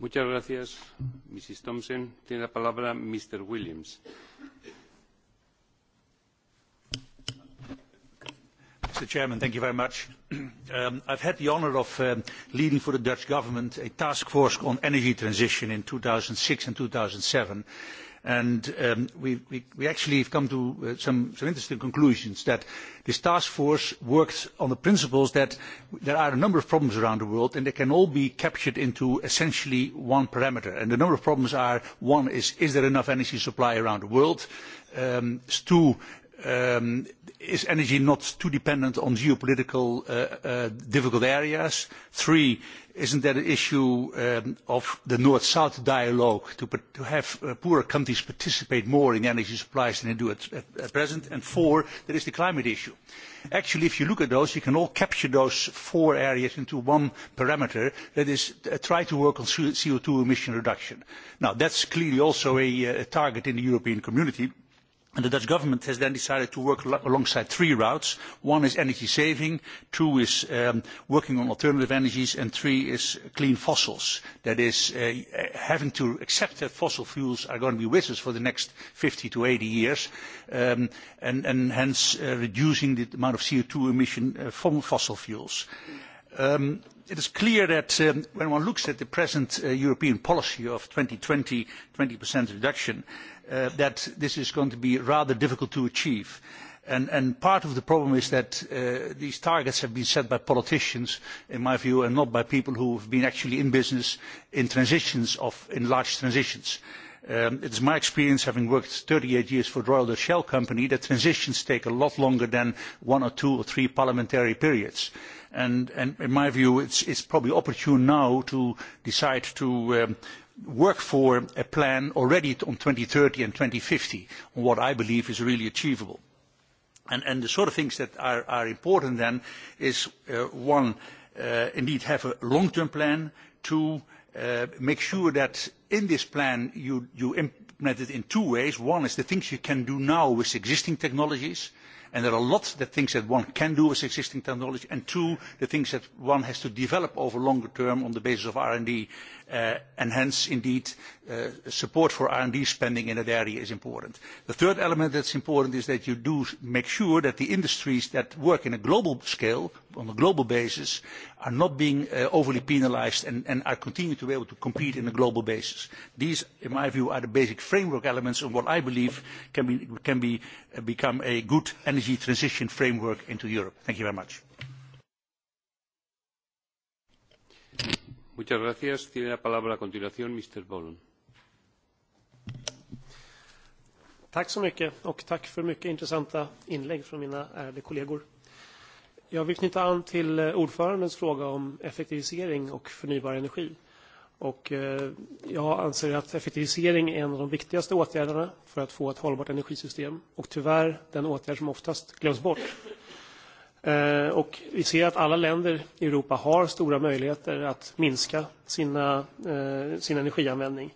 Muchas gracias, Mrs. Thompson. Tiene la palabra Mr. Williams. Mr. Chairman, thank you very much. um, I've had the honour of um, leading for the Dutch government a task force on energy transition in 2006 and 2007. And um, we, we, we actually have come to uh, some, some interesting conclusions that this task force works on the principles that there are a number of problems around the world and they can all be captured into essentially one parameter. And the number of problems are, one is, is there enough energy supply around the world? Um, two, um, is energy not too dependent on geopolitical uh, uh, difficult areas? Three, isn't that an issue um, of the North-South dialogue to, to have uh, poorer countries participate more in energy supplies than they do at, at, at present? And four, there is the climate issue. Actually, if you look at those, you can all capture those four areas into one parameter, that is, uh, try to work on CO2 emission reduction. Now, that's clearly also a, uh, a target in the European community And the Dutch government has then decided to work alongside three routes. One is energy saving, two is um, working on alternative energies, and three is clean fossils. That is, uh, having to accept that fossil fuels are going to be with us for the next 50 to 80 years, um, and, and hence uh, reducing the amount of CO2 emission uh, from fossil fuels. Um, it is clear that um, when one looks at the present uh, European policy of 2020, 20% reduction, uh, that this is going to be rather difficult to achieve. And, and part of the problem is that uh, these targets have been set by politicians, in my view, and not by people who have been actually in business in transitions of, in large transitions. Um, it is my experience, having worked thirty eight years for the Royal Dutch Shell Company, that transitions take a lot longer than one or two or three parliamentary periods. And, and in my view, it is probably opportune now to decide to um, work for a plan already on 2030 and 2050 on what I believe is really achievable. And, and the sort of things that are, are important then is, uh, one, uh, indeed have a long-term plan. Two, uh, make sure that in this plan you, you implement it in two ways. One is the things you can do now with existing technologies, and there are lots of things that one can do with existing technology, and two, the things that one has to develop over longer term on the basis of R&D Uh, and hence, indeed, uh, support for R&D spending in that area is important. The third element that's important is that you do make sure that the industries that work in a global scale, on a global basis, are not being uh, overly penalized and, and are continuing to be able to compete in a global basis. These, in my view, are the basic framework elements of what I believe can, be, can be, uh, become a good energy transition framework into Europe. Thank you very much. Tack så mycket och tack för mycket intressanta inlägg från mina ärade kollegor. Jag vill knyta an till eh, ordförandens fråga om effektivisering och förnybar energi. Och eh, jag anser att effektivisering är en av de viktigaste åtgärderna för att få ett hållbart energisystem och tyvärr den åtgärd som oftast glöms bort Eh, och vi ser att alla länder i Europa har stora möjligheter att minska sina, eh, sin energianvändning.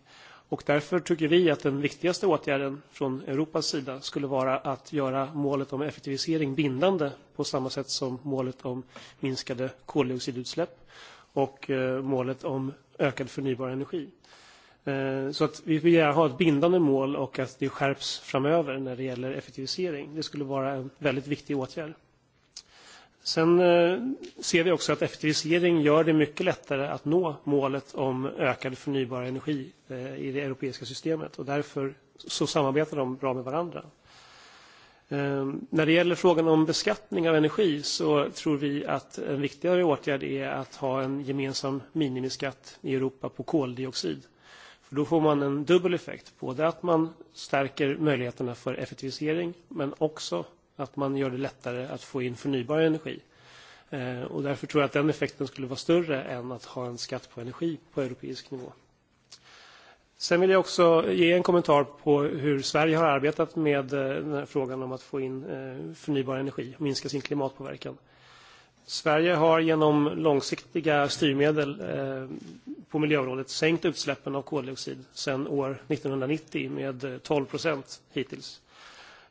Och därför tycker vi att den viktigaste åtgärden från Europas sida skulle vara att göra målet om effektivisering bindande på samma sätt som målet om minskade koldioxidutsläpp och eh, målet om ökad förnybar energi. Så att vi vill gärna ha ett bindande mål och att det skärps framöver när det gäller effektivisering. Det skulle vara en väldigt viktig åtgärd. Sen eh, ser vi också att effektivisering gör det mycket lättare att nå målet om ökad förnybar energi eh, i det europeiska systemet och därför så samarbetar de bra med varandra. Ehm, när det gäller frågan om beskattning av energi så tror vi att en viktigare åtgärd är att ha en gemensam minimiskatt i Europa på koldioxid. För då får man en dubbel effekt, både att man stärker möjligheterna för effektivisering men också att man gör det lättare att få in förnybar energi. Eh, och därför tror jag att den effekten skulle vara större än att ha en skatt på energi på europeisk nivå. Sen vill jag också ge en kommentar på hur Sverige har arbetat med eh, den här frågan om att få in eh, förnybar energi och minska sin klimatpåverkan. Sverige har genom långsiktiga styrmedel eh, på miljöområdet sänkt utsläppen av koldioxid sedan år 1990 med 12 procent hittills.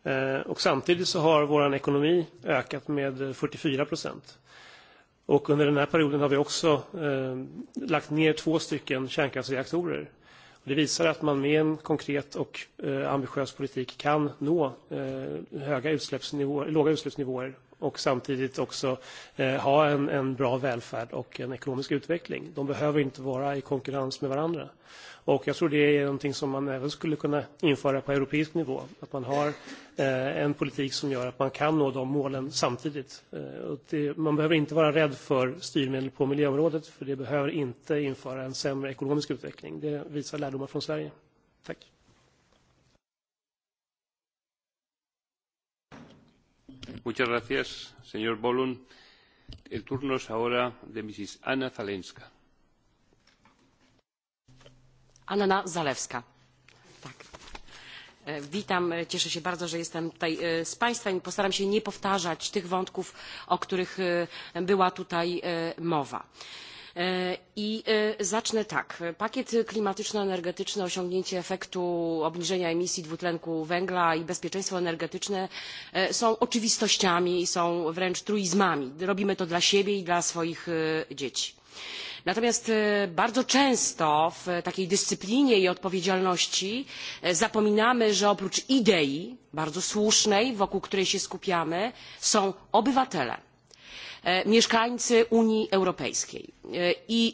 Eh, och samtidigt så har vår ekonomi ökat med 44 eh, procent. Och under den här perioden har vi också eh, lagt ner två stycken kärnkraftsreaktorer. Och det visar att man med en konkret och eh, ambitiös politik kan nå eh, höga utsläppsnivåer, låga utsläppsnivåer och samtidigt också eh, ha en, en bra välfärd och en ekonomisk utveckling. De behöver inte vara i konkurrens med varandra. Och jag tror det är någonting som man även skulle kunna införa på europeisk nivå. Att man har Eh, en politik som gör att man kan nå de målen samtidigt. Eh, man behöver inte vara rädd för styrmedel på miljöområdet för det behöver inte införa en sämre ekonomisk utveckling. Det visar lärdomar från Sverige. Tack. Muchas gracias, señor Bolun. El turno es ahora de Mrs. Anna Zalewska. Anna Zalewska. E, witam, e, cieszę się bardzo, że jestem tutaj e, z Państwem i postaram się nie powtarzać tych wątków, o których była tutaj mowa. I zacznę tak. Pakiet klimatyczno-energetyczny, osiągnięcie efektu obniżenia emisji dwutlenku węgla i bezpieczeństwo energetyczne są oczywistościami i są wręcz truizmami. Robimy to dla siebie i dla swoich dzieci. Natomiast e, bardzo często w takiej dyscyplinie i odpowiedzialności e, zapominamy, że oprócz idei bardzo słusznej, wokół której się skupiamy, są obywatele e, mieszkańcy Unii Europejskiej i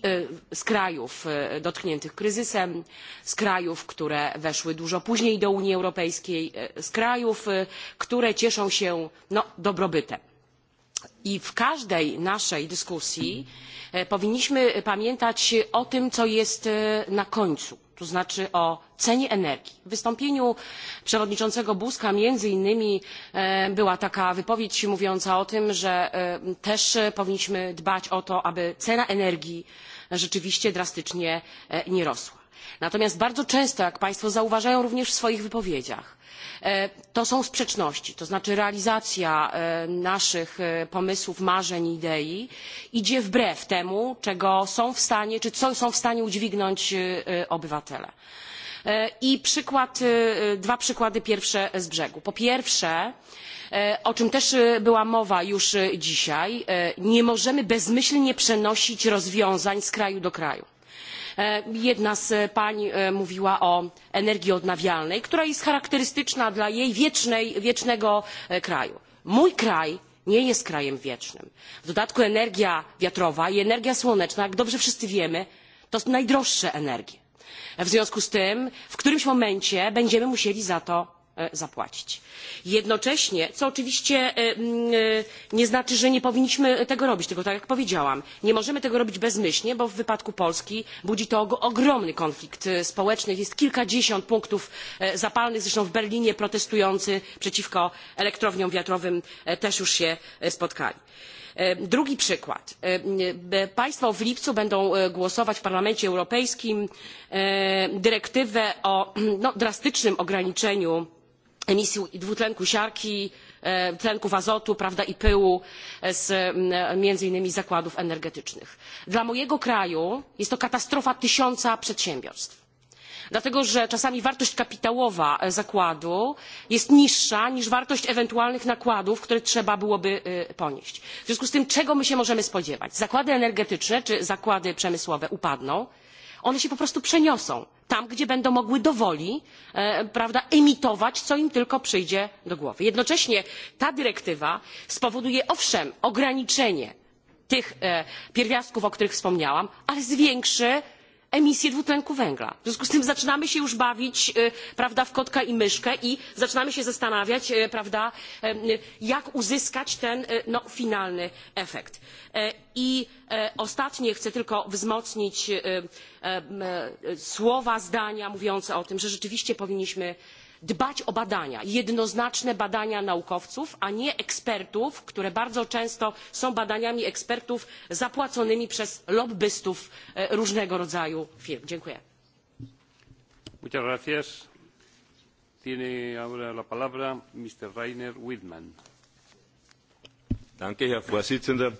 z krajów dotkniętych kryzysem, z krajów, które weszły dużo później do Unii Europejskiej, z krajów, które cieszą się no, dobrobytem. I w każdej naszej dyskusji e, powinniśmy pamiętać o tym, co jest e, na końcu, to znaczy o cenie energii. W wystąpieniu przewodniczącego Buzka między innymi e, była taka wypowiedź mówiąca o tym, że też powinniśmy dbać o to, aby cena energii rzeczywiście drastycznie nie rosła. Natomiast bardzo często, jak Państwo zauważają również w swoich wypowiedziach, e, to są sprzeczności, to znaczy realizacja e, naszych e, pomysłów, marzeń, idei idzie wbrew temu, czego są w stanie, czy co są w stanie udźwignąć obywatele. I przykład, dwa przykłady pierwsze z brzegu. Po pierwsze, o czym też była mowa już dzisiaj, nie możemy bezmyślnie przenosić rozwiązań z kraju do kraju E, jedna z pań e, mówiła o energii odnawialnej, która jest charakterystyczna dla jej wiecznej, wiecznego e, kraju. Mój kraj nie jest krajem wiecznym. W dodatku energia wiatrowa i energia słoneczna, jak dobrze wszyscy wiemy, to najdroższe energie. W związku z tym w którymś momencie będziemy musieli za to E, zapłacić. Jednocześnie, co oczywiście e, e, nie znaczy, że nie powinniśmy tego robić, tylko tak jak powiedziałam, nie możemy tego robić bezmyślnie, bo w wypadku Polski budzi to ogromny konflikt społeczny. Jest kilkadziesiąt punktów zapalnych, zresztą w Berlinie protestujący przeciwko elektrowniom wiatrowym też już się spotkali. Drugi przykład. Państwo w lipcu będą głosować w Parlamencie Europejskim dyrektywę o no, drastycznym ograniczeniu emisji dwutlenku siarki, e, tlenków azotu prawda, i pyłu e, z między innymi zakładów energetycznych. Dla mojego kraju jest to katastrofa tysiąca przedsiębiorstw. Dlatego, że czasami wartość kapitałowa zakładu jest niższa niż wartość ewentualnych nakładów, które trzeba byłoby e, ponieść. W związku z tym, czego my się możemy spodziewać? Zakłady energetyczne czy zakłady przemysłowe upadną, one się po prostu przeniosą tam, gdzie będą mogły dowoli e, prawda, emitować, co im tylko przyjdzie do głowy. Jednocześnie ta dyrektywa spowoduje owszem ograniczenie tych e, pierwiastków, o których wspomniałam, ale zwiększy emisję dwutlenku węgla. W związku z tym zaczynamy się już bawić e, prawda, w kotka i myszkę i zaczynamy się zastanawiać, e, prawda, e, jak uzyskać ten no, finalny efekt. I ostatnie chcę tylko wzmocnić słowa, zdania mówiące o tym, że rzeczywiście powinniśmy dbać o badania, jednoznaczne badania naukowców, a nie ekspertów, które bardzo często są badaniami ekspertów zapłaconymi przez lobbystów e, różnego rodzaju firm. Dziękuję. Danke, Herr Vorsitzender.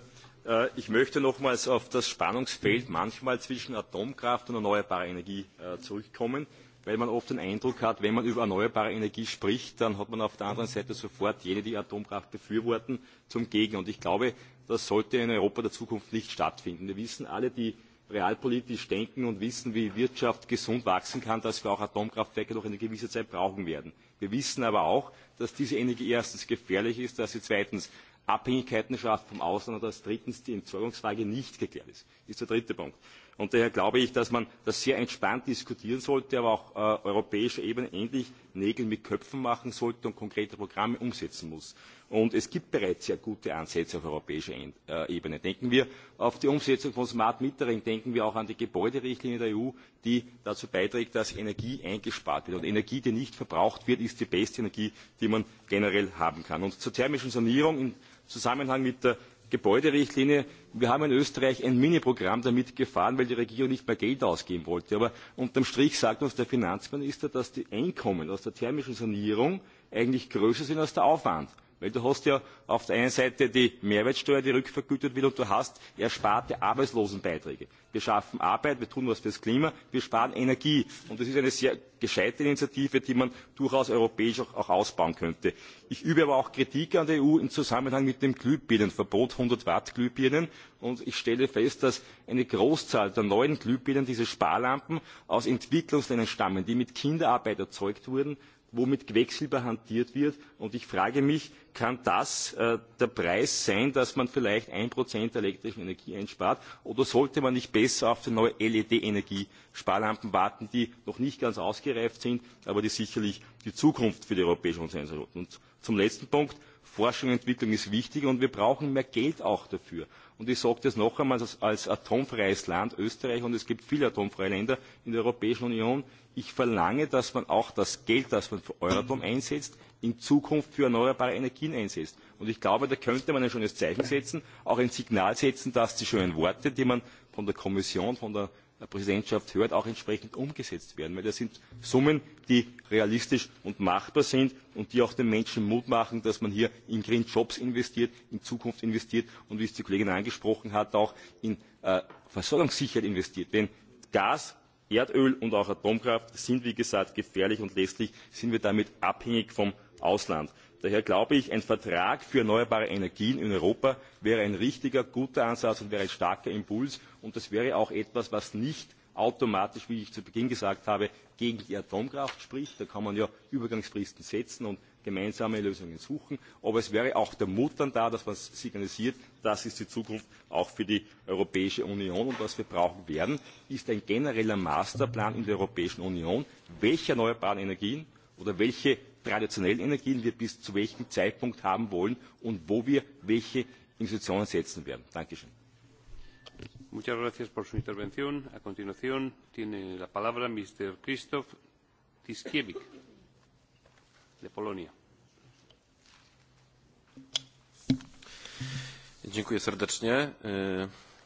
Äh, ich möchte nochmals auf das Spannungsfeld manchmal zwischen Atomkraft und erneuerbarer Energie äh, zurückkommen weil man oft den Eindruck hat, wenn man über erneuerbare Energie spricht, dann hat man auf der anderen Seite sofort jene, die Atomkraft befürworten, zum Gegner. Und ich glaube, das sollte in Europa der Zukunft nicht stattfinden. Wir wissen alle, die realpolitisch denken und wissen, wie Wirtschaft gesund wachsen kann, dass wir auch Atomkraftwerke noch eine gewisse Zeit brauchen werden. Wir wissen aber auch, dass diese Energie erstens gefährlich ist, dass sie zweitens Abhängigkeiten schafft vom Ausland und dass drittens die Entsorgungsfrage nicht geklärt ist. Das ist der dritte Punkt. Und daher glaube ich, dass man das sehr entspannt diskutieren sollte, aber auch auf äh, europäischer Ebene endlich Nägel mit Köpfen machen sollte und konkrete Programme umsetzen muss. Und es gibt bereits sehr gute Ansätze auf europäischer äh, Ebene. Denken wir auf die Umsetzung von Smart Metering, denken wir auch an die Gebäuderichtlinie der EU, die dazu beiträgt, dass Energie eingespart wird. Und Energie, die nicht verbraucht wird, ist die beste Energie, die man generell haben kann. Und zur thermischen Sanierung im Zusammenhang mit der Gebäuderichtlinie. Wir haben in Österreich ein Mini-Programm damit gefahren, weil die Regierung nicht mehr Geld ausgeben wollte. Aber unterm Strich sagt uns der Finanzminister, dass die Einkommen aus der thermischen Sanierung eigentlich größer sind als der Aufwand. Weil du hast ja auf der einen Seite die Mehrwertsteuer, die rückvergütet wird, und du hast ersparte Arbeitslosenbeiträge. Wir schaffen Arbeit, wir tun was fürs Klima, wir sparen Energie. Und das ist eine sehr gescheite Initiative, die man durchaus europäisch auch, auch ausbauen könnte. Ich übe aber auch Kritik an der EU im Zusammenhang mit dem Glühbirnenverbot 100 Watt Glühbirnen. Und ich stelle fest, dass eine Großzahl der neuen Glühbirnen, diese Sparlampen, aus Entwicklungsländern stammen, die mit Kinderarbeit erzeugt wurden wo mit Quecksilber hantiert wird. Und ich frage mich, kann das äh, der Preis sein, dass man vielleicht ein Prozent der elektrischen Energie einspart? Oder sollte man nicht besser auf die neue LED-Energiesparlampen warten, die noch nicht ganz ausgereift sind, aber die sicherlich die Zukunft für die Europäische Union sein sollten? Und zum letzten Punkt Forschung und Entwicklung ist wichtig und wir brauchen mehr Geld auch dafür. Und ich sage das noch einmal als, als atomfreies Land Österreich und es gibt viele atomfreie Länder in der Europäischen Union. Ich verlange, dass man auch das Geld, das man für Euratom einsetzt, in Zukunft für erneuerbare Energien einsetzt. Und ich glaube, da könnte man ein schönes Zeichen setzen, auch ein Signal setzen, dass die schönen Worte, die man von der Kommission, von der Präsidentschaft hört, auch entsprechend umgesetzt werden. weil das sind Summen, die realistisch und machbar sind und die auch den Menschen Mut machen, dass man hier in Green Jobs investiert, in Zukunft investiert und, wie es die Kollegin angesprochen hat, auch in äh, Versorgungssicherheit investiert. Denn Gas, Erdöl und auch Atomkraft sind, wie gesagt, gefährlich und letztlich sind wir damit abhängig vom Ausland. Daher glaube ich, ein Vertrag für erneuerbare Energien in Europa wäre ein richtiger, guter Ansatz und wäre ein starker Impuls. Und das wäre auch etwas, was nicht automatisch, wie ich zu Beginn gesagt habe, gegen die Atomkraft spricht. Da kann man ja Übergangsfristen setzen und gemeinsame Lösungen suchen. Aber es wäre auch der Mut dann da, dass man signalisiert, das ist die Zukunft auch für die Europäische Union. Und was wir brauchen werden, ist ein genereller Masterplan in der Europäischen Union, welche erneuerbaren Energien oder welche traditionellen Energien wir bis zu welchem Zeitpunkt haben wollen und wo wir welche Investitionen setzen werden. Dankeschön. Muchas gracias por su intervención. A continuación tiene la palabra Mr. Krzysztof Tiskiewicz de Polonia. Dziękuję serdecznie. E,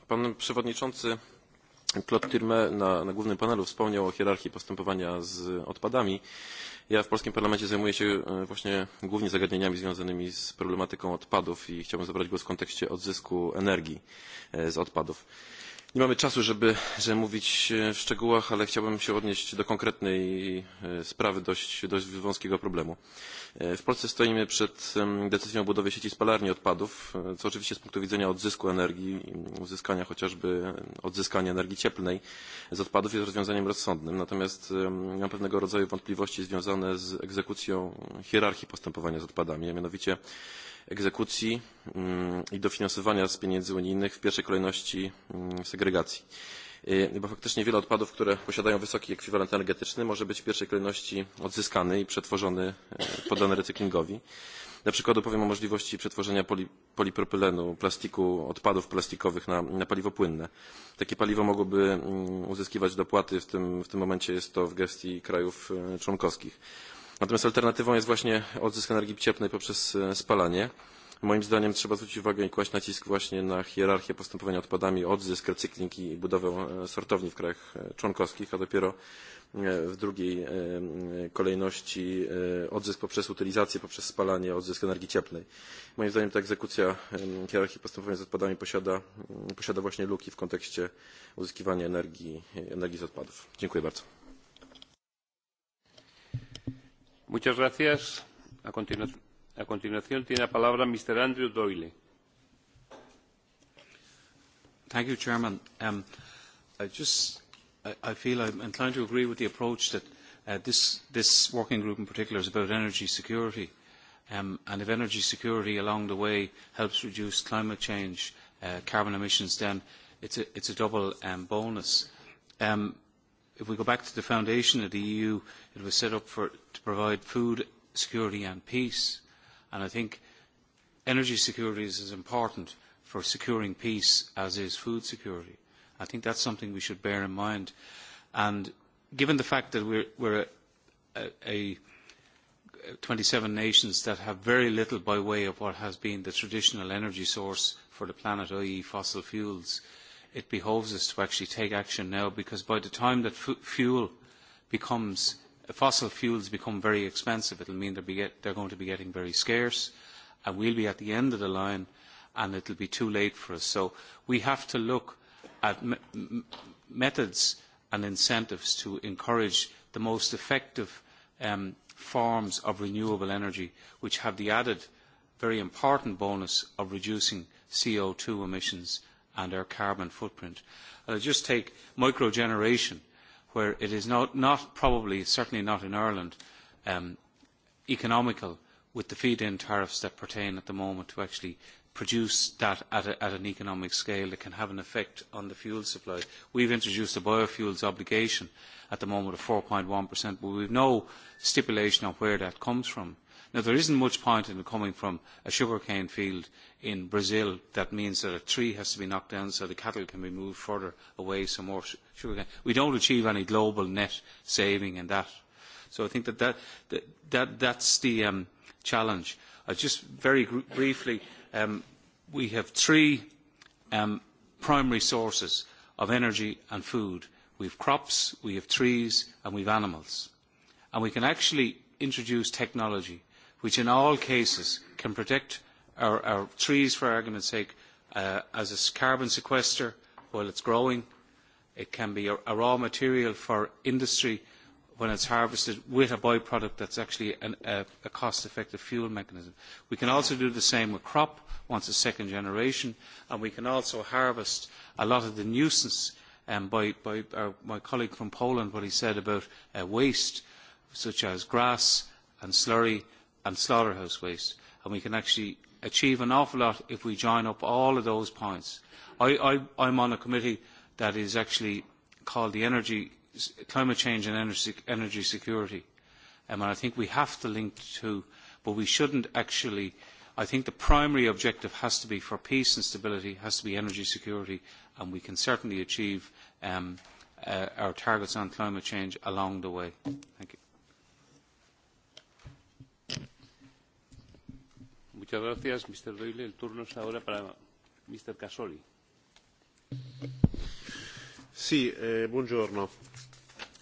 pan przewodniczący Claude Turme na, na głównym panelu wspomniał o hierarchii postępowania z odpadami. Ja w polskim parlamencie zajmuję się e, właśnie głównie zagadnieniami związanymi z problematyką odpadów i chciałbym zabrać głos w kontekście odzysku energii e, z odpadów. Nie mamy czasu, żeby, żeby mówić e, w szczegółach, ale chciałbym się odnieść do konkretnej e, sprawy dość, dość wąskiego problemu. E, w Polsce stoimy przed decyzją o budowie sieci spalarni odpadów, co oczywiście z punktu widzenia odzysku energii, uzyskania chociażby odzyskania energii cieplnej z odpadów jest rozwiązaniem rozsądnym. Natomiast mam pewnego rodzaju wątpliwości związane z egzekucją hierarchii postępowania z odpadami, a mianowicie egzekucji mm, i dofinansowania z pieniędzy unijnych w pierwszej kolejności mm, segregacji. Bo faktycznie wiele odpadów, które posiadają wysoki ekwiwalent energetyczny może być w pierwszej kolejności odzyskany i przetworzony, poddany recyklingowi. Na przykład opowiem o możliwości przetworzenia poli, polipropylenu, plastiku, odpadów plastikowych na, na paliwo płynne. Takie paliwo mogłoby mm, uzyskiwać dopłaty, w tym, w tym momencie jest to w gestii krajów członkowskich. Natomiast alternatywą jest właśnie odzysk energii cieplnej poprzez e, spalanie. Moim zdaniem trzeba zwrócić uwagę i kłaść nacisk właśnie na hierarchię postępowania odpadami, odzysk, recykling i budowę e, sortowni w krajach e, członkowskich, a dopiero w drugiej kolejności odzysk poprzez utylizację, poprzez spalanie, odzysk energii cieplnej. Moim zdaniem ta egzekucja hierarchii postępowania z odpadami posiada, posiada właśnie luki w kontekście uzyskiwania energii, energii z odpadów. Dziękuję bardzo. Muchas gracias. A, continu a continuación tiene la palabra Mr. Andrew Doyle. Thank you, Chairman. Um, I just, I, I feel I'm inclined to agree with the approach that uh, this, this working group in particular is about energy security. Um, and if energy security along the way helps reduce climate change, uh, carbon emissions, then it's a, it's a double um, bonus. Um, if we go back to the foundation of the EU, it was set up for, to provide food security and peace. And I think energy security is as important for securing peace as is food security. I think that's something we should bear in mind. And given the fact that we're, we're a, a, a 27 nations that have very little by way of what has been the traditional energy source for the planet, i.e. fossil fuels, uh, it behoves us to actually take action now because by the time that fuel becomes, fossil fuels become very expensive, it will mean they're, be get, they're going to be getting very scarce and we'll be at the end of the line and it will be too late for us. So we have to look at methods and incentives to encourage the most effective um, forms of renewable energy, which have the added very important bonus of reducing co two emissions and our carbon footprint. I will just take microgeneration, where it is not, not probably, certainly not in Ireland, um, economical with the feed-in tariffs that pertain at the moment to actually produce that at, a, at an economic scale that can have an effect on the fuel supply. We have introduced a biofuels obligation at the moment of four 4.1%, but we have no stipulation on where that comes from. Now, there isn't much point in coming from a sugarcane field in Brazil that means that a tree has to be knocked down so the cattle can be moved further away so more sugarcane. We don't achieve any global net saving in that. So I think that, that, that, that that's the um, challenge. Uh, just very briefly, um, we have three um, primary sources of energy and food. We have crops, we have trees, and we have animals. And we can actually introduce technology which in all cases can protect our, our trees, for argument's sake, uh, as a carbon sequester while it's growing. It can be a, a raw material for industry when it's harvested with a byproduct that's actually an, a, a cost-effective fuel mechanism. We can also do the same with crop once a second generation, and we can also harvest a lot of the nuisance um, by, by our, my colleague from Poland, what he said about uh, waste, such as grass and slurry and slaughterhouse waste. And we can actually achieve an awful lot if we join up all of those points. I, I, I'm on a committee that is actually called the Energy, Climate Change and Energy, energy Security. Um, and I think we have to link the two, but we shouldn't actually, I think the primary objective has to be for peace and stability, has to be energy security, and we can certainly achieve um, uh, our targets on climate change along the way. Thank you. Muchas gracias, Mr. Doyle. El turno es ahora para Mr. Casoli. eh, buongiorno.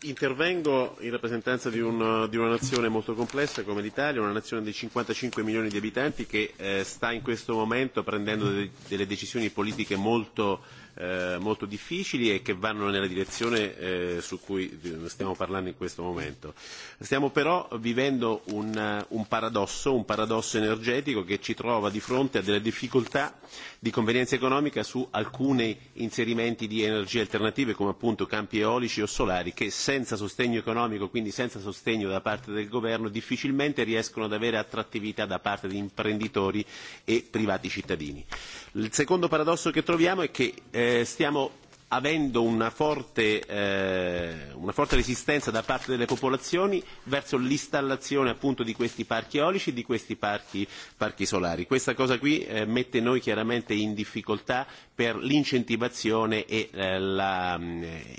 Intervengo in rappresentanza di, un, di una nazione molto complessa come l'Italia, una nazione di 55 milioni di abitanti che eh, sta in questo momento prendendo de- delle decisioni politiche molto eh, molto difficili e che vanno nella direzione eh, su cui stiamo parlando in questo momento. Stiamo però vivendo un, un paradosso, un paradosso energetico che ci trova di fronte a delle difficoltà di convenienza economica su alcuni inserimenti di energie alternative come appunto campi eolici o solari che senza sostegno economico, quindi senza sostegno da parte del governo, difficilmente riescono ad avere attrattività da parte di imprenditori e privati cittadini. Il secondo paradosso che troviamo è che eh, Eh, stiamo avendo una forte, eh, una forte resistenza da parte delle popolazioni verso l'installazione appunto di questi parchi eolici e di questi parchi, parchi solari. Questa cosa qui eh, mette noi chiaramente in difficoltà per l'incentivazione e, eh, la, eh,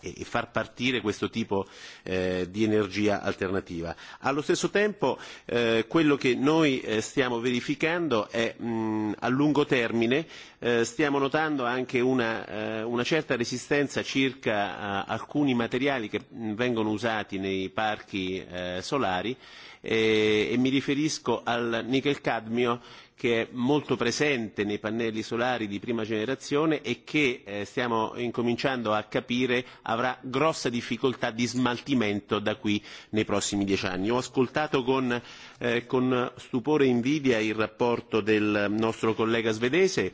e, e far partire questo tipo eh, di energia alternativa. Allo stesso tempo eh, quello che noi eh, stiamo verificando è mh, a lungo termine eh, stiamo notando anche una, eh, una certa resistenza circa eh, alcuni materiali che mh, vengono usati nei parchi eh, solari eh, e mi riferisco al nickel cadmio che è molto presente nei pannelli solari di prima generazione e che eh, stiamo incominciando a capire avrà grossa difficoltà di smaltimento da qui nei prossimi dieci anni. Ho ascoltato con, eh, con stupore e invidia il rapporto del nostro collega svedese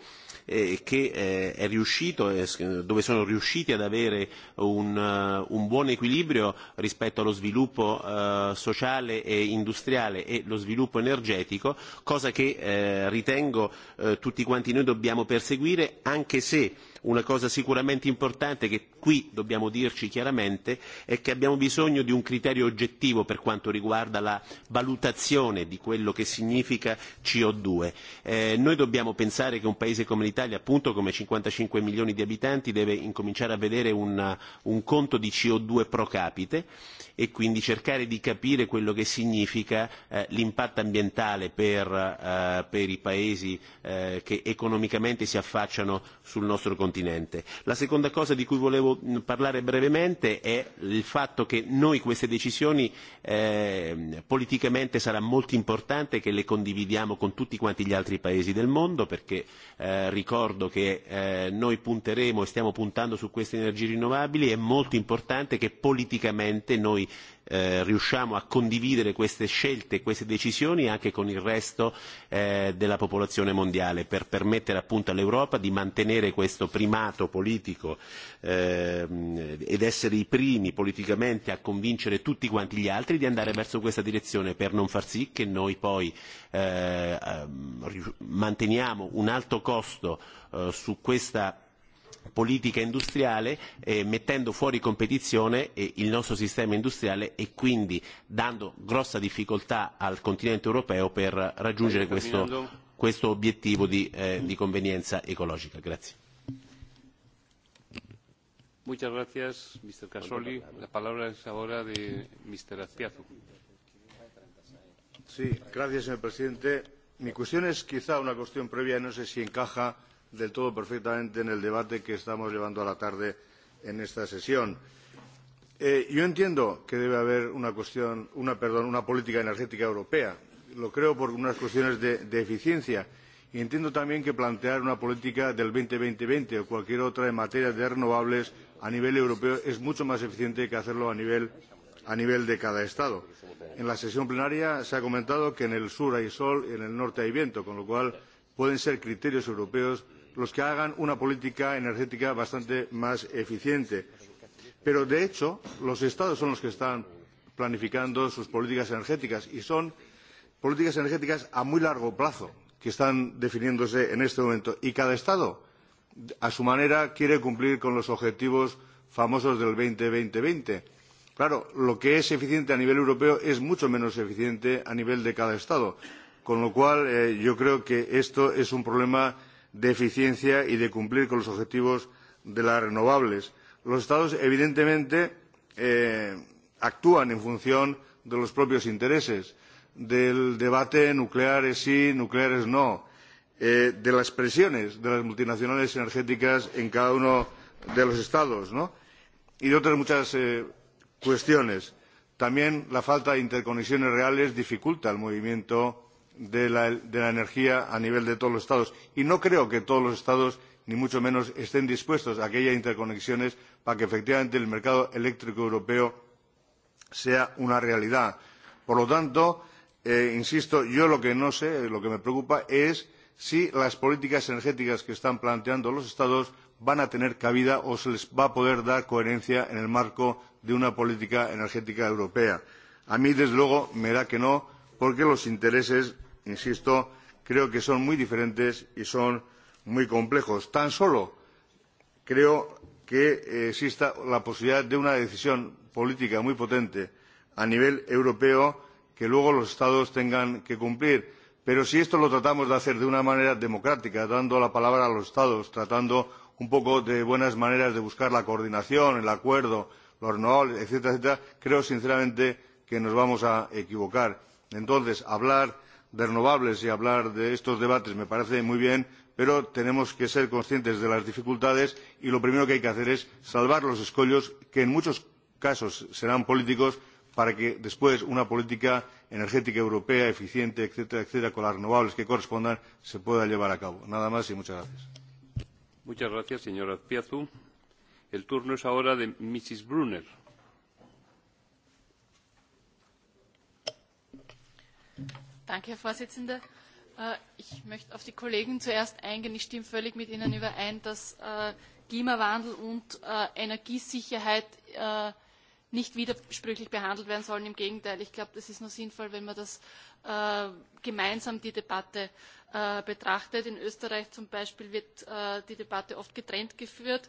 eh, che eh, è riuscito, eh, dove sono riusciti ad avere un, uh, un buon equilibrio rispetto allo sviluppo eh, sociale e industriale e lo sviluppo energetico, cosa che eh, ritengo eh, tutti quanti noi dobbiamo perseguire anche se Una cosa sicuramente importante che qui dobbiamo dirci chiaramente è che abbiamo bisogno di un criterio oggettivo per quanto riguarda la valutazione di quello che significa CO2. Eh, noi dobbiamo pensare che un paese come l'Italia, appunto come 55 milioni di abitanti, deve incominciare a vedere una, un conto di CO2 pro capite e quindi cercare di capire quello che significa eh, l'impatto ambientale per, eh, per i paesi eh, che economicamente si affacciano sul nostro continente continente. La seconda cosa di cui volevo mm, parlare brevemente è il fatto che noi queste decisioni eh, politicamente sarà molto importante che le condividiamo con tutti quanti gli altri paesi del mondo perché eh, ricordo che eh, noi punteremo e stiamo puntando su queste energie rinnovabili, è molto importante che politicamente noi eh, riusciamo a condividere queste scelte, e queste decisioni anche con il resto eh, della popolazione mondiale per permettere appunto all'Europa di mantenere questo primato politico eh, ed essere i primi politicamente a convincere tutti quanti gli altri di andare verso questa direzione per non far sì che noi poi eh, ehm, manteniamo un alto costo eh, su questa politica industriale eh, mettendo fuori competizione eh, il nostro sistema industriale e quindi dando grossa difficoltà al continente europeo per raggiungere questo, questo obiettivo di, eh, di convenienza ecologica. Grazie. Muchas gracias, Mr. Casoli. La palabra es ahora de Mr. Azpiazu. Sí, gracias, señor presidente. Mi cuestión es quizá una cuestión previa, no sé si encaja del todo perfectamente en el debate que estamos llevando a la tarde en esta sesión. Eh, yo entiendo que debe haber una, cuestión, una, perdón, una política energética europea. Lo creo por unas cuestiones de, de eficiencia. Y entiendo también que plantear una política del 2020-2020 o cualquier otra en materia de renovables a nivel europeo es mucho más eficiente que hacerlo a nivel, a nivel de cada Estado. En la sesión plenaria se ha comentado que en el sur hay sol y en el norte hay viento, con lo cual pueden ser criterios europeos los que hagan una política energética bastante más eficiente. Pero, de hecho, los Estados son los que están planificando sus políticas energéticas y son políticas energéticas a muy largo plazo que están definiéndose en este momento. Y cada Estado, a su manera, quiere cumplir con los objetivos famosos del 20 20 veinte. Claro, lo que es eficiente a nivel europeo es mucho menos eficiente a nivel de cada Estado, con lo cual eh, yo creo que esto es un problema de eficiencia y de cumplir con los objetivos de las renovables. Los Estados, evidentemente, eh, actúan en función de los propios intereses, del debate nucleares sí, nucleares no, eh, de las presiones de las multinacionales energéticas en cada uno de los Estados ¿no? y de otras muchas eh, cuestiones. También la falta de interconexiones reales dificulta el movimiento de la, de la energía a nivel de todos los Estados. Y no creo que todos los Estados, ni mucho menos, estén dispuestos a que haya interconexiones para que efectivamente el mercado eléctrico europeo sea una realidad. Por lo tanto, eh, insisto, yo lo que no sé, lo que me preocupa es si las políticas energéticas que están planteando los Estados van a tener cabida o se les va a poder dar coherencia en el marco de una política energética europea. A mí, desde luego, me da que no, porque los intereses insisto, creo que son muy diferentes y son muy complejos. Tan solo creo que exista la posibilidad de una decisión política muy potente a nivel europeo que luego los Estados tengan que cumplir. Pero si esto lo tratamos de hacer de una manera democrática, dando la palabra a los Estados, tratando un poco de buenas maneras de buscar la coordinación, el acuerdo, los renovables, etcétera, etcétera, creo sinceramente que nos vamos a equivocar. Entonces, hablar de renovables y hablar de estos debates me parece muy bien, pero tenemos que ser conscientes de las dificultades y lo primero que hay que hacer es salvar los escollos que en muchos casos serán políticos para que después una política energética europea eficiente, etcétera, etcétera, con las renovables que correspondan, se pueda llevar a cabo. Nada más y muchas gracias. Muchas gracias, señora Azpiazu. El turno es ahora de Mrs. Brunner. Danke, Herr Vorsitzender. Äh, ich möchte auf die Kollegen zuerst eingehen. Ich stimme völlig mit Ihnen überein, dass äh, Klimawandel und äh, Energiesicherheit nicht widersprüchlich behandelt werden sollen. Im Gegenteil, ich glaube, das ist nur sinnvoll, wenn man das gemeinsam die Debatte betrachtet. In Österreich zum Beispiel wird die Debatte oft getrennt geführt.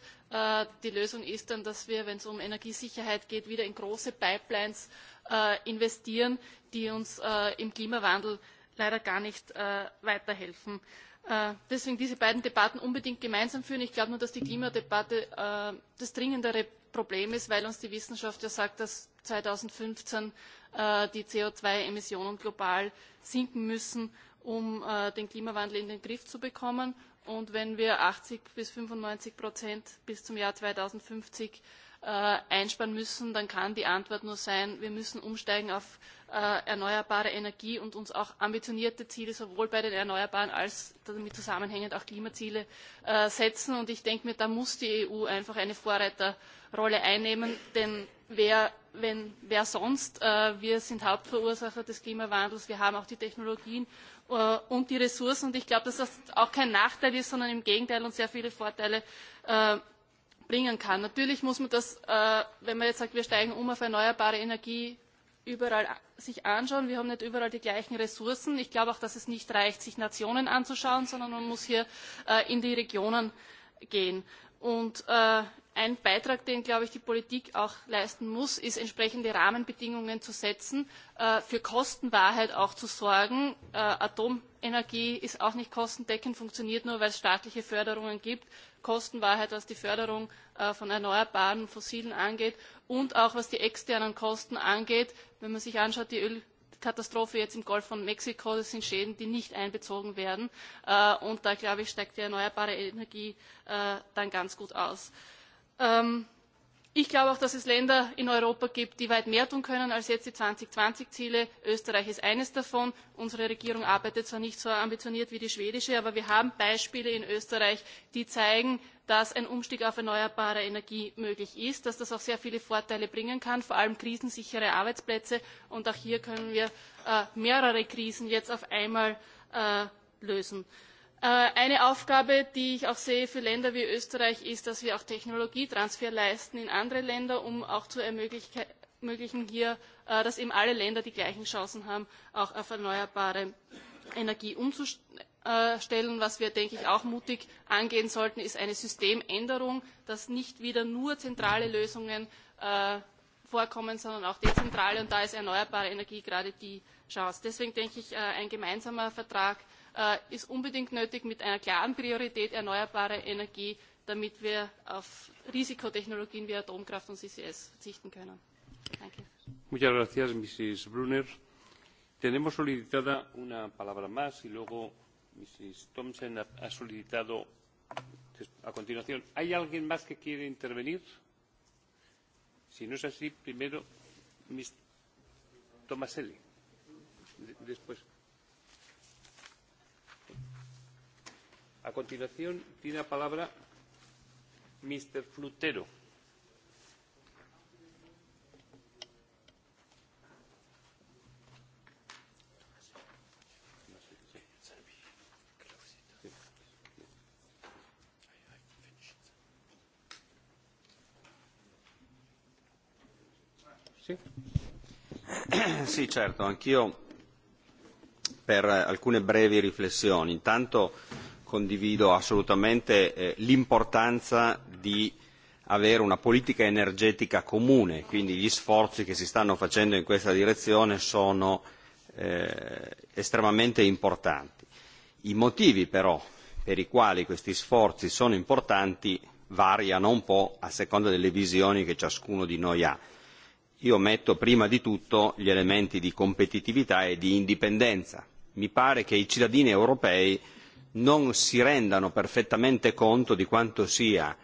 die Lösung ist dann, dass wir, wenn es um Energiesicherheit geht, wieder in große Pipelines äh, investieren, die uns äh, im Klimawandel leider gar nicht äh, weiterhelfen. Äh, deswegen diese beiden Debatten unbedingt gemeinsam führen. Ich glaube nur, dass die Klimadebatte äh, das dringendere Problem ist, weil uns die Wissenschaft ja sagt, dass 2015 äh, die CO2-Emissionen global sinken müssen, um äh, den Klimawandel in den Griff zu bekommen. Und wenn wir 80 bis 95 Prozent bis zum Jahr 2050 äh, einsparen müssen, dann kann die Antwort nur sein, wir müssen umsteigen auf äh, erneuerbare Energie und uns auch ambitionierte Ziele sowohl bei den Erneuerbaren als damit zusammenhängend auch Klimaziele äh, setzen. Und ich denke mir, da muss die EU einfach eine Vorreiterrolle einnehmen, denn wer, wenn, wer sonst? Äh, wir sind Hauptverursacher des Klimawandels, wir haben auch die Technologien äh, und die Ressourcen. Und ich glaube, dass das auch kein Nachteil ist, sondern im Gegenteil und sehr viele Vorteile äh, bringen kann. Natürlich muss man das, äh, wenn man jetzt sagt, wir steigen um auf erneuerbare Energie, überall sich anschauen. Wir haben nicht überall die gleichen Ressourcen. Ich glaube auch, dass es nicht reicht, sich Nationen anzuschauen, sondern man muss hier äh, in die Regionen gehen. Und äh, ein Beitrag, den, glaube ich, die Politik auch leisten muss, ist, entsprechende Rahmenbedingungen zu setzen, äh, für Kostenwahrheit auch zu sorgen. Äh, Atomenergie ist auch nicht kostendeckend, funktioniert nur, weil es staatliche Förderungen gibt. Kostenwahrheit, was die Förderung äh, von erneuerbaren Fossilen angeht und auch was die externen Kosten angeht. Wenn man sich anschaut, die Ölkatastrophe jetzt im Golf von Mexiko, das sind Schäden, die nicht einbezogen werden. Äh, und da, glaube ich, steigt die erneuerbare Energie äh, dann ganz gut aus. Ähm, Ich glaube auch, dass es Länder in Europa gibt, die weit mehr tun können als jetzt die 2020-Ziele. Österreich ist eines davon. Unsere Regierung arbeitet zwar nicht so ambitioniert wie die schwedische, aber wir haben Beispiele in Österreich, die zeigen, dass ein Umstieg auf erneuerbare Energie möglich ist, dass das auch sehr viele Vorteile bringen kann, vor allem krisensichere Arbeitsplätze. Und auch hier können wir äh, mehrere Krisen jetzt auf einmal äh, lösen. Äh, eine Aufgabe, die ich auch sehe für Länder wie Österreich, ist, dass wir auch Technologietransfer leisten in andere Länder, um auch zu ermöglichen hier, äh, dass eben alle Länder die gleichen Chancen haben, auch auf erneuerbare Energie umzustellen. Äh, Was wir, denke ich, auch mutig angehen sollten, ist eine Systemänderung, dass nicht wieder nur zentrale Lösungen vorkommen, sondern auch dezentrale. Und da ist erneuerbare Energie gerade die Chance. Deswegen denke ich, ein gemeinsamer Vertrag äh, ist unbedingt nötig mit einer klaren Priorität erneuerbare Energie, damit wir auf Risikotechnologien wie Atomkraft und CCS verzichten können. Danke. Muchas gracias, Mrs. Brunner. Tenemos solicitada una palabra más y luego Mrs. Thompson ha, ha solicitado a continuación. ¿Hay alguien más que quiere intervenir? Si no es así, primero Mr. Tomaselli. De después. A continuación, tiene la palabra Mr. Flutero. Sì, certo, anch'io per alcune brevi riflessioni. Intanto condivido assolutamente eh, l'importanza di avere una politica energetica comune, quindi gli sforzi che si stanno facendo in questa direzione sono eh, estremamente importanti. I motivi però per i quali questi sforzi sono importanti variano un po' a seconda delle visioni che ciascuno di noi ha. Io metto prima di tutto gli elementi di competitività e di indipendenza. Mi pare che i cittadini europei non si rendano perfettamente conto di quanto sia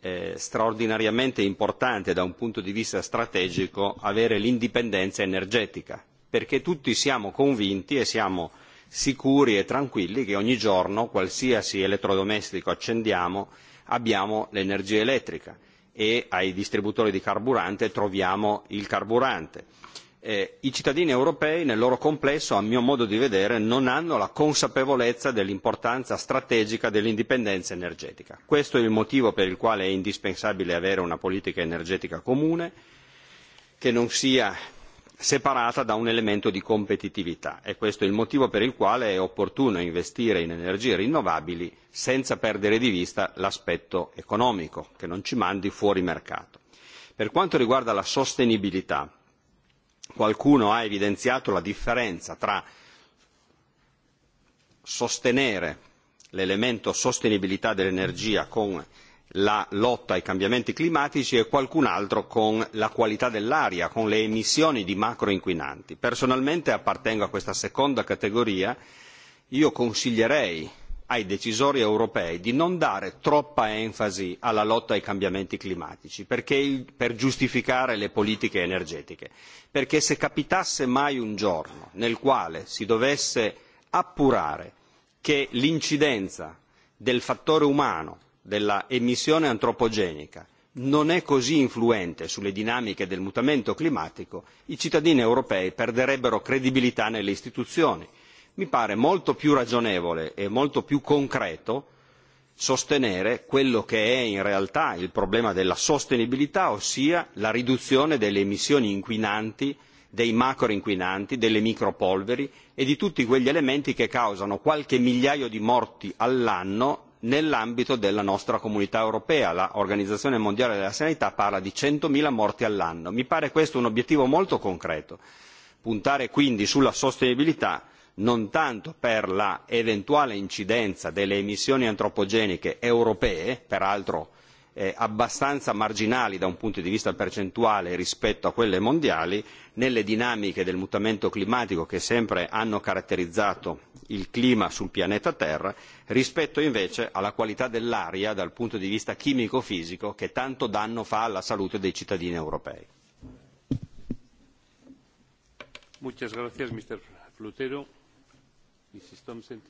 eh, straordinariamente importante da un punto di vista strategico avere l'indipendenza energetica, perché tutti siamo convinti e siamo sicuri e tranquilli che ogni giorno qualsiasi elettrodomestico accendiamo abbiamo l'energia elettrica e ai distributori di carburante troviamo il carburante Eh, i cittadini europei nel loro complesso, a mio modo di vedere, non hanno la consapevolezza dell'importanza strategica dell'indipendenza energetica. Questo è il motivo per il quale è indispensabile avere una politica energetica comune che non sia separata da un elemento di competitività e questo è il motivo per il quale è opportuno investire in energie rinnovabili senza perdere di vista l'aspetto economico che non ci mandi fuori mercato. Per quanto riguarda la sostenibilità, qualcuno ha evidenziato la differenza tra sostenere l'elemento sostenibilità dell'energia con la lotta ai cambiamenti climatici e qualcun altro con la qualità dell'aria, con le emissioni di macroinquinanti. Personalmente appartengo a questa seconda categoria, io consiglierei ai decisori europei di non dare troppa enfasi alla lotta ai cambiamenti climatici perché, per giustificare le politiche energetiche, perché se capitasse mai un giorno nel quale si dovesse appurare che l'incidenza del fattore umano della emissione antropogenica non è così influente sulle dinamiche del mutamento climatico, i cittadini europei perderebbero credibilità nelle istituzioni mi pare molto più ragionevole e molto più concreto sostenere quello che è in realtà il problema della sostenibilità, ossia la riduzione delle emissioni inquinanti, dei macroinquinanti, delle micropolveri e di tutti quegli elementi che causano qualche migliaio di morti all'anno nell'ambito della nostra comunità europea. L'Organizzazione Mondiale della Sanità parla di centomila morti all'anno. Mi pare questo un obiettivo molto concreto. Puntare quindi sulla sostenibilità non tanto per l'eventuale incidenza delle emissioni antropogeniche europee, peraltro eh, abbastanza marginali da un punto di vista percentuale rispetto a quelle mondiali, nelle dinamiche del mutamento climatico che sempre hanno caratterizzato il clima sul pianeta Terra, rispetto invece alla qualità dell'aria dal punto di vista chimico-fisico che tanto danno fa alla salute dei cittadini europei. Muchas gracias, Mr. Flutero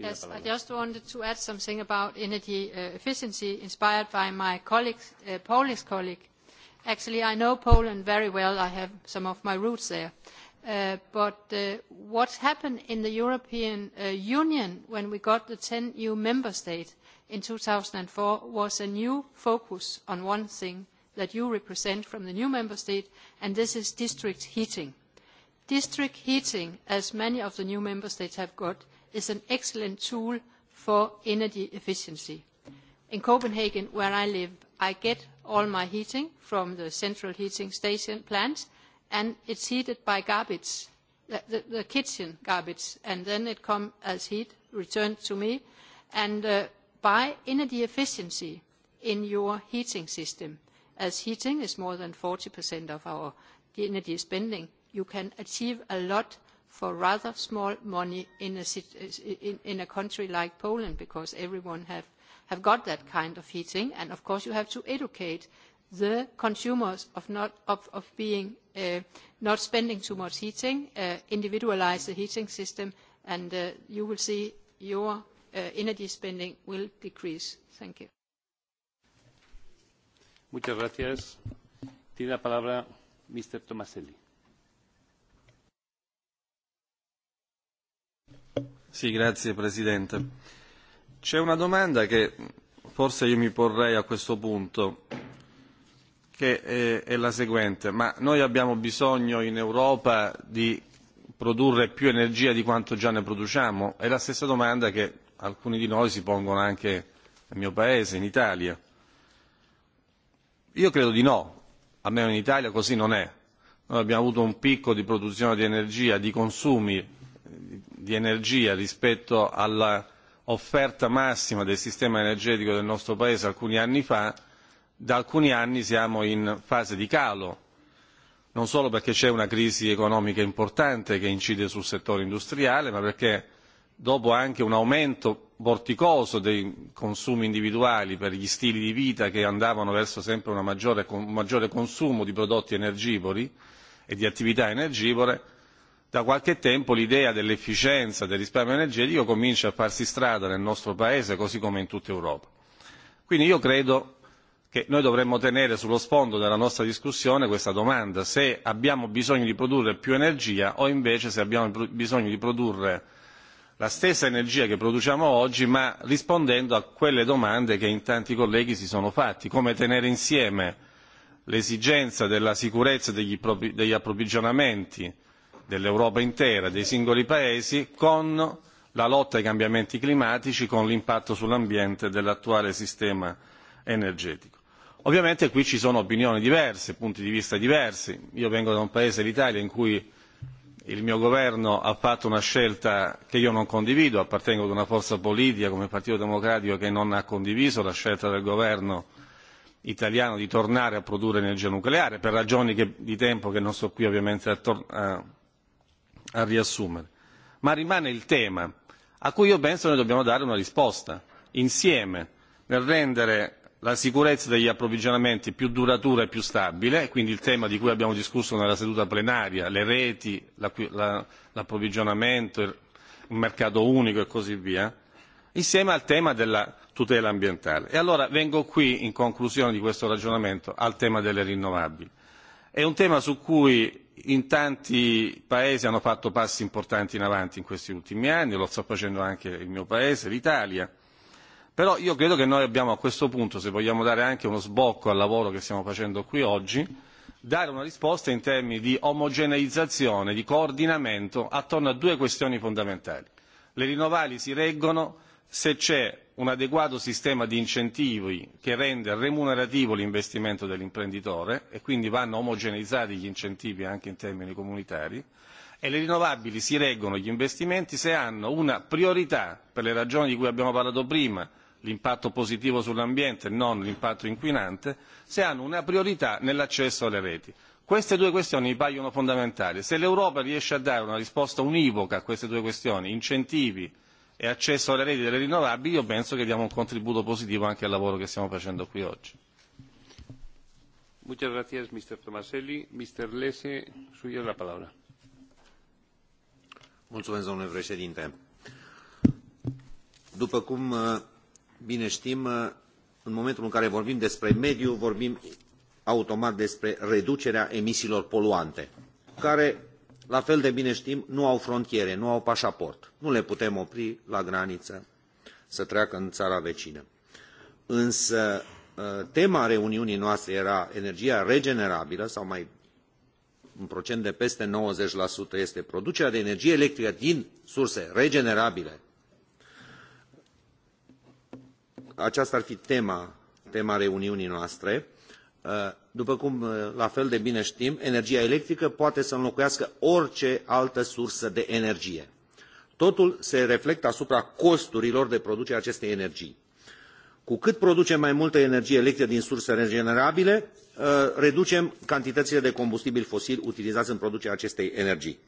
yes, I just wanted to add something about energy uh, efficiency inspired by my colleagues, uh, Polish colleague. Actually, I know Poland very well. I have some of my roots there. Uh, but uh, what's happened in the European uh, Union when we got the 10 new member states in 2004 was a new focus on one thing that you represent from the new member state, and this is district heating. District heating, as many of the new member states have got, is an excellent tool for energy efficiency. In Copenhagen, where I live, I get all my heating from the central heating station plant, and it's heated by garbage, the, the, the kitchen garbage, and then it comes as heat returned to me. And uh, by energy efficiency in your heating system, as heating is more than 40% of our energy spending, you can achieve a lot for rather small money in a, in, in a country like Poland because everyone have, have got that kind of heating. And of course you have to educate the consumers of not, of, of being, uh, not spending too much heating, uh, individualize the heating system, and uh, you will see your uh, energy spending will decrease. Thank you. Muchas gracias. Tiene la palabra Mr. Tomaselli. Sì, grazie Presidente. C'è una domanda che forse io mi porrei a questo punto, che è, eh, è la seguente. Ma noi abbiamo bisogno in Europa di produrre più energia di quanto già ne produciamo? È la stessa domanda che alcuni di noi si pongono anche nel mio paese, in Italia. Io credo di no, almeno in Italia così non è. Noi abbiamo avuto un picco di produzione di energia, di consumi di energia rispetto all'offerta massima del sistema energetico del nostro Paese alcuni anni fa, da alcuni anni siamo in fase di calo, non solo perché c'è una crisi economica importante che incide sul settore industriale, ma perché dopo anche un aumento vorticoso dei consumi individuali per gli stili di vita che andavano verso sempre maggiore, un maggiore consumo di prodotti energivori e di attività energivore, da qualche tempo l'idea dell'efficienza del risparmio energetico comincia a farsi strada nel nostro paese così come in tutta Europa. Quindi io credo che noi dovremmo tenere sullo sfondo della nostra discussione questa domanda se abbiamo bisogno di produrre più energia o invece se abbiamo bisogno di produrre la stessa energia che produciamo oggi ma rispondendo a quelle domande che in tanti colleghi si sono fatti come tenere insieme l'esigenza della sicurezza degli, approvvigionamenti dell'Europa intera, dei singoli paesi, con la lotta ai cambiamenti climatici, con l'impatto sull'ambiente dell'attuale sistema energetico. Ovviamente qui ci sono opinioni diverse, punti di vista diversi. Io vengo da un paese, l'Italia, in cui il mio governo ha fatto una scelta che io non condivido, appartengo ad una forza politica come il Partito Democratico che non ha condiviso la scelta del governo italiano di tornare a produrre energia nucleare per ragioni che, di tempo che non sto qui ovviamente a, a a riassumere. Ma rimane il tema a cui io penso noi dobbiamo dare una risposta insieme nel rendere la sicurezza degli approvvigionamenti più duratura e più stabile, quindi il tema di cui abbiamo discusso nella seduta plenaria, le reti, l'approvvigionamento, il mercato unico e così via, insieme al tema della tutela ambientale. E allora vengo qui, in conclusione di questo ragionamento, al tema delle rinnovabili. È un tema su cui in tanti paesi hanno fatto passi importanti in avanti in questi ultimi anni, lo sta facendo anche il mio paese, l'Italia. Però io credo che noi abbiamo a questo punto, se vogliamo dare anche uno sbocco al lavoro che stiamo facendo qui oggi, dare una risposta in termini di omogeneizzazione, di coordinamento attorno a due questioni fondamentali. Le rinnovabili si reggono se c'è un adeguato sistema di incentivi che rende remunerativo l'investimento dell'imprenditore e quindi vanno omogeneizzati gli incentivi anche in termini comunitari e le rinnovabili si reggono gli investimenti se hanno una priorità per le ragioni di cui abbiamo parlato prima l'impatto positivo sull'ambiente e non l'impatto inquinante se hanno una priorità nell'accesso alle reti. Queste due questioni mi paiono fondamentali. Se l'Europa riesce a dare una risposta univoca a queste due questioni, incentivi e accesso alle reti delle rinnovabili, io penso che diamo un contributo positivo anche al lavoro che stiamo facendo qui oggi. Muchas gracias, Mr. Tomaselli. Mr. Lese, suya la palabra. Mulțumesc, domnule președinte. După cum uh, bine știm, uh, în momentul în care vorbim despre mediu, vorbim automat despre reducerea emisiilor poluante, care la fel de bine știm, nu au frontiere, nu au pașaport. Nu le putem opri la graniță să treacă în țara vecină. Însă tema reuniunii noastre era energia regenerabilă, sau mai un procent de peste 90% este producerea de energie electrică din surse regenerabile. Aceasta ar fi tema, tema reuniunii noastre. Uh, după cum uh, la fel de bine știm, energia electrică poate să înlocuiască orice altă sursă de energie. Totul se reflectă asupra costurilor de producere acestei energii. Cu cât producem mai multă energie electrică din surse regenerabile, uh, reducem cantitățile de combustibil fosil utilizați în producerea acestei energii.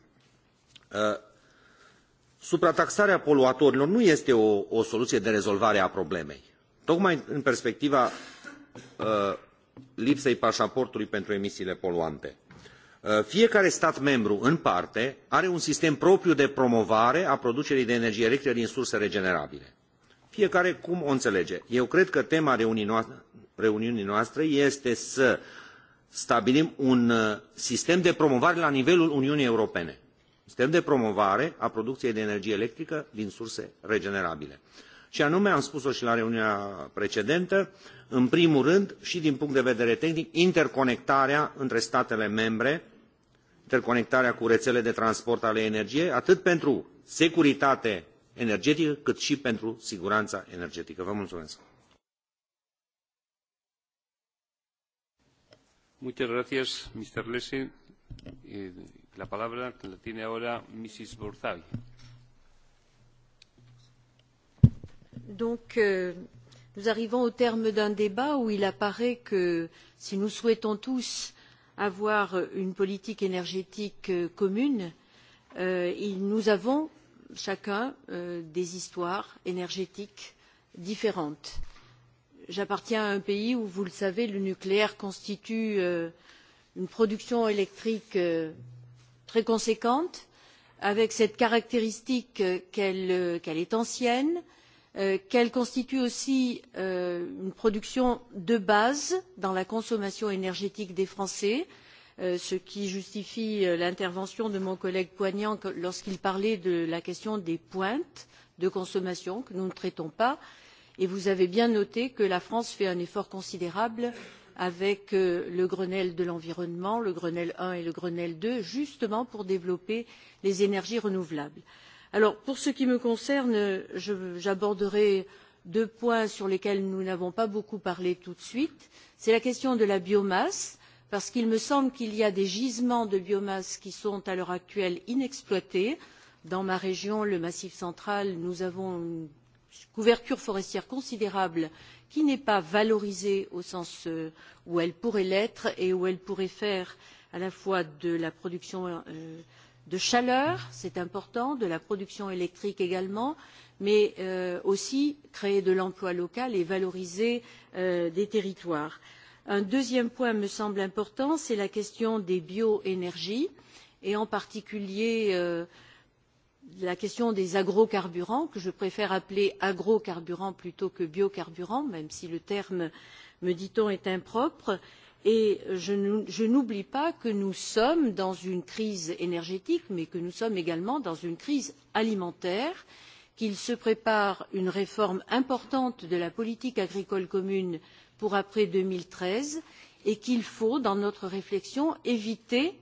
Suprataxarea poluatorilor nu este o, o soluție de rezolvare a problemei. Tocmai în perspectiva lipsei pașaportului pentru emisiile poluante. Uh, fiecare stat membru, în parte, are un sistem propriu de promovare a producerii de energie electrică din surse regenerabile. Fiecare cum o înțelege. Eu cred că tema reuniunii noastre este să stabilim un uh, sistem de promovare la nivelul Uniunii Europene. Sistem de promovare a producției de energie electrică din surse regenerabile. Și anume, am spus-o și la reuniunea precedentă, în primul rând și din punct de vedere tehnic, interconectarea între statele membre, interconectarea cu rețele de transport ale energiei, atât pentru securitate energetică, cât și pentru siguranța energetică. Vă mulțumesc! Muchas gracias, Mr. Lessing. Eh, la palabra la tiene ahora Mrs. Borzavi. donc, euh, nous arrivons au terme d'un débat où il apparaît que si nous souhaitons tous avoir une politique énergétique euh, commune, euh, nous avons chacun euh, des histoires énergétiques différentes. J'appartiens à un pays où, vous le savez, le nucléaire constitue euh, une production électrique euh, très conséquente, avec cette caractéristique euh, qu'elle euh, qu est ancienne, Euh, qu'elle constitue aussi euh, une production de base dans la consommation énergétique des Français, euh, ce qui justifie euh, l'intervention de mon collègue Poignant lorsqu'il parlait de la question des pointes de consommation que nous ne traitons pas. Et vous avez bien noté que la France fait un effort considérable avec euh, le Grenelle de l'environnement, le Grenelle I et le Grenelle II, justement pour développer les énergies renouvelables. Alors, pour ce qui me concerne, j'aborderai deux points sur lesquels nous n'avons pas beaucoup parlé tout de suite. C'est la question de la biomasse, parce qu'il me semble qu'il y a des gisements de biomasse qui sont à l'heure actuelle inexploités. Dans ma région, le Massif central, nous avons une couverture forestière considérable qui n'est pas valorisée au sens euh, où elle pourrait l'être et où elle pourrait faire à la fois de la production euh, de chaleur, c'est important, de la production électrique également, mais euh, aussi créer de l'emploi local et valoriser euh, des territoires. Un deuxième point me semble important, c'est la question des bioénergies et en particulier euh, la question des agrocarburants, que je préfère appeler agrocarburants plutôt que biocarburants, même si le terme, me dit-on, est impropre. Euh, Et je n'oublie pas que nous sommes dans une crise énergétique, mais que nous sommes également dans une crise alimentaire, qu'il se prépare une réforme importante de la politique agricole commune pour après deux mille treize et qu'il faut, dans notre réflexion, éviter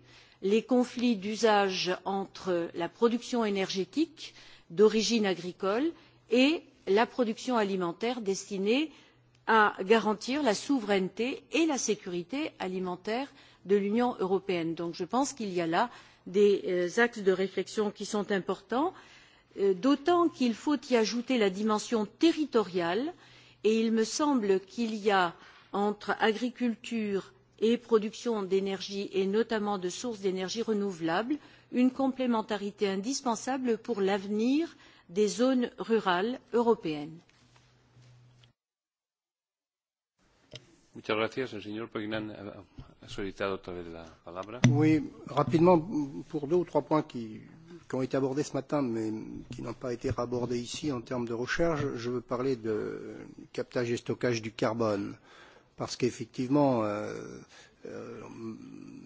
les conflits d'usage entre la production énergétique d'origine agricole et la production alimentaire destinée à garantir la souveraineté et la sécurité alimentaire de l'Union européenne. Donc je pense qu'il y a là des euh, axes de réflexion qui sont importants, euh, d'autant qu'il faut y ajouter la dimension territoriale et il me semble qu'il y a entre agriculture et production d'énergie et notamment de sources d'énergie renouvelable une complémentarité indispensable pour l'avenir des zones rurales européennes. Muchas gracias. El señor Pagnan. ha eh, eh, solicitado otra vez la palabra. Oui, rapidement, pour deux ou trois points qui, qui ont été abordés ce matin, mais qui n'ont pas été abordés ici en termes de recherche, je veux parler de captage et stockage du carbone. Parce qu'effectivement, euh, euh,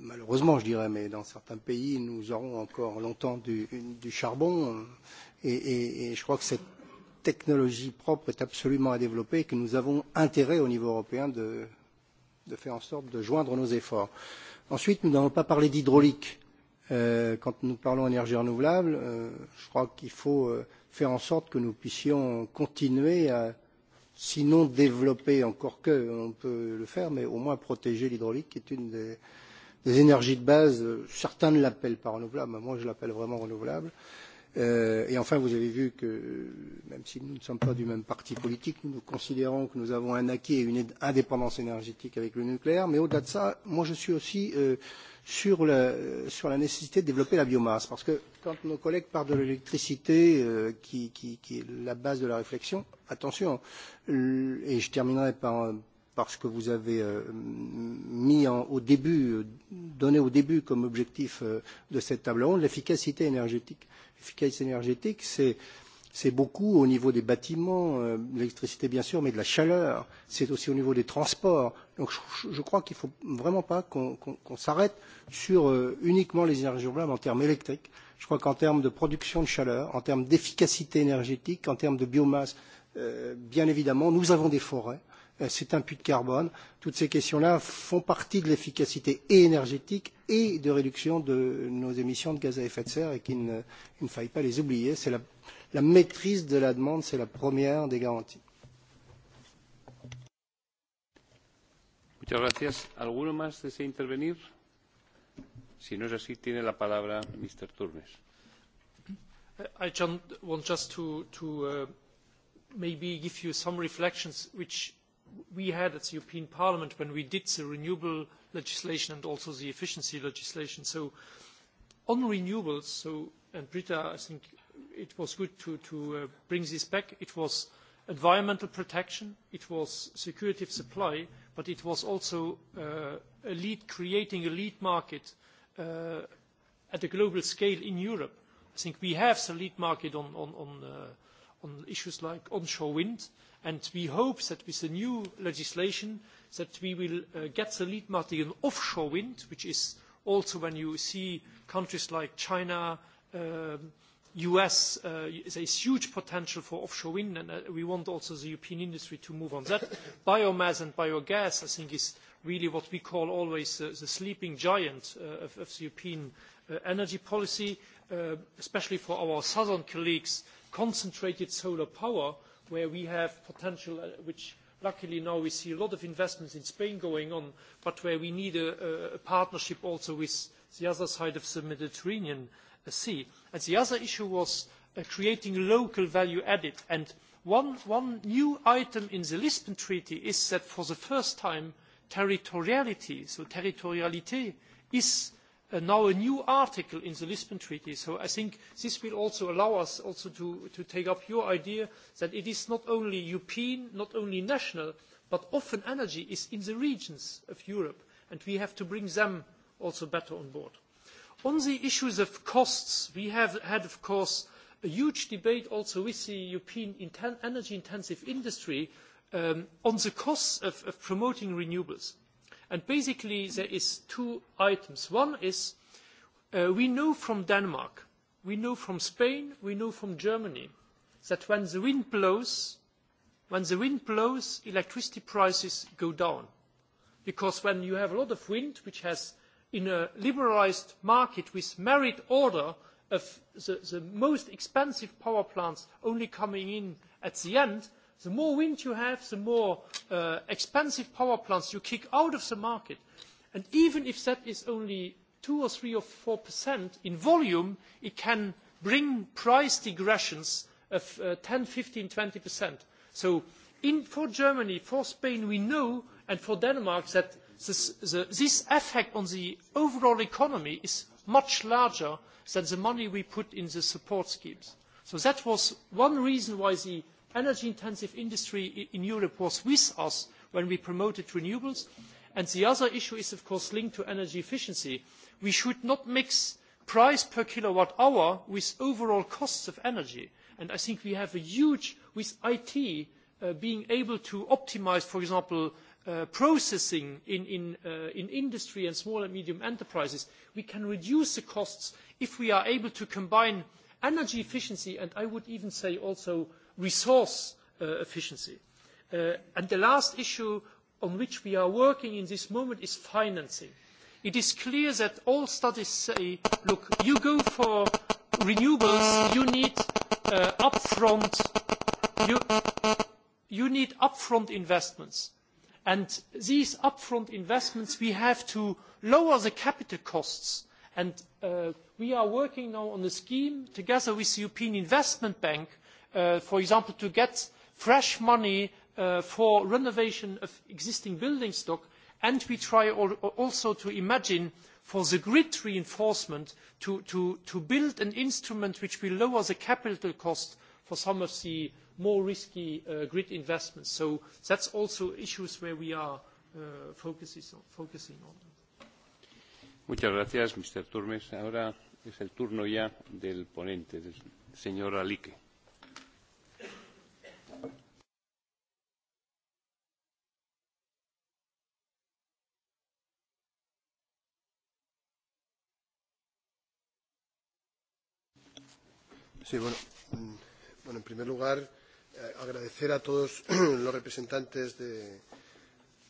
malheureusement, je dirais, mais dans certains pays, nous aurons encore longtemps du, du charbon. Et, et, et je crois que cette technologie propre est absolument à développer et que nous avons intérêt au niveau européen de, de faire en sorte de joindre nos efforts. Ensuite, nous n'avons pas parlé d'hydraulique. Euh, quand nous parlons énergie renouvelable, euh, je crois qu'il faut euh, faire en sorte que nous puissions continuer à, sinon développer, encore que on peut le faire, mais au moins protéger l'hydraulique qui est une des, des énergies de base. Certains ne l'appellent pas renouvelable, mais moi je l'appelle vraiment renouvelable. Euh, Euh, et enfin, vous avez vu que, même si nous ne sommes pas du même parti politique, nous, nous considérons que nous avons un acquis et une indépendance énergétique avec le nucléaire. Mais au-delà de ça, moi, je suis aussi euh, sur, la, sur la nécessité de développer la biomasse. Parce que quand nos collègues parlent de l'électricité, euh, qui, qui, qui est la base de la réflexion, attention, euh, et je terminerai par, par ce que vous avez euh, mis en, au début, euh, donné au début comme objectif euh, de cette table ronde, l'efficacité énergétique efficacité énergétique, c'est c'est beaucoup au niveau des bâtiments, euh, l'électricité bien sûr, mais de la chaleur, c'est aussi au niveau des transports. Donc je, je crois qu'il ne faut vraiment pas qu'on qu qu s'arrête sur euh, uniquement les énergies renouvelables en termes électriques. Je crois qu'en termes de production de chaleur, en termes d'efficacité énergétique, en termes de biomasse, euh, bien évidemment, nous avons des forêts c'est un puits de carbone. Toutes ces questions-là font partie de l'efficacité et énergétique et de réduction de nos émissions de gaz à effet de serre et qu'il ne, ne faille pas les oublier. C'est la, la maîtrise de la demande, c'est la première des garanties. Muchas gracias. ¿Alguno más desea intervenir? Si no es así, tiene la palabra Mr. Turnes. I just want just to, to uh, maybe give you some reflections which we had at the European Parliament when we did the renewable legislation and also the efficiency legislation. So on renewables, so, and Britta, I think it was good to, to uh, bring this back, it was environmental protection, it was security of supply, but it was also uh, a lead, creating a lead market uh, at a global scale in Europe. I think we have the lead market on, on, on, uh, on issues like onshore wind, And we hope that with the new legislation that we will uh, get the lead market in offshore wind, which is also when you see countries like China, uh, um, US, uh, there is huge potential for offshore wind, and uh, we want also the European industry to move on that. Biomass and biogas, I think, is really what we call always uh, the sleeping giant uh, of, of the European uh, energy policy, uh, especially for our southern colleagues, concentrated solar power where we have potential, uh, which luckily now we see a lot of investments in Spain going on, but where we need a, a partnership also with the other side of the Mediterranean uh, Sea. And the other issue was uh, creating local value added. And one, one new item in the Lisbon Treaty is that for the first time, territoriality, so territoriality, is uh, now a new article in the Lisbon Treaty. So I think this will also allow us also to, to take up your idea that it is not only European, not only national, but often energy is in the regions of Europe, and we have to bring them also better on board. On the issues of costs, we have had, of course, a huge debate also with the European inten energy-intensive industry um, on the costs of, of promoting renewables. And basically there is two items. One is uh, we know from Denmark, we know from Spain, we know from Germany that when the wind blows, when the wind blows, electricity prices go down. Because when you have a lot of wind, which has in a liberalised market with merit order of the, the most expensive power plants only coming in at the end, The more wind you have, the more uh, expensive power plants you kick out of the market. And even if that is only two or three or four percent in volume, it can bring price degressions of uh, 10, 15, 20 percent. So in, for Germany, for Spain, we know, and for Denmark, that this, the, this effect on the overall economy is much larger than the money we put in the support schemes. So that was one reason why the energy intensive industry in Europe was with us when we promoted renewables. And the other issue is, of course, linked to energy efficiency. We should not mix price per kilowatt hour with overall costs of energy. And I think we have a huge, with IT, uh, being able to optimize, for example, uh, processing in, in, uh, in industry and small and medium enterprises, we can reduce the costs if we are able to combine energy efficiency and I would even say also resource uh, efficiency. Uh, and the last issue on which we are working in this moment is financing. It is clear that all studies say, look, you go for renewables, you need uh, upfront, you, you need upfront investments. And these upfront investments, we have to lower the capital costs. And uh, we are working now on a scheme together with the European Investment Bank Uh, for example, to get fresh money uh, for renovation of existing building stock, and we try also to imagine for the grid reinforcement to, to, to build an instrument which will lower the capital cost for some of the more risky uh, grid investments. So that's also issues where we are uh, focuses on, focusing on. Muchas gracias, Mr. Turmes. Ahora es el turno ya del ponente, del señor Alique. Sí, bueno, mm, bueno en primer lugar, eh, agradecer a todos los representantes de,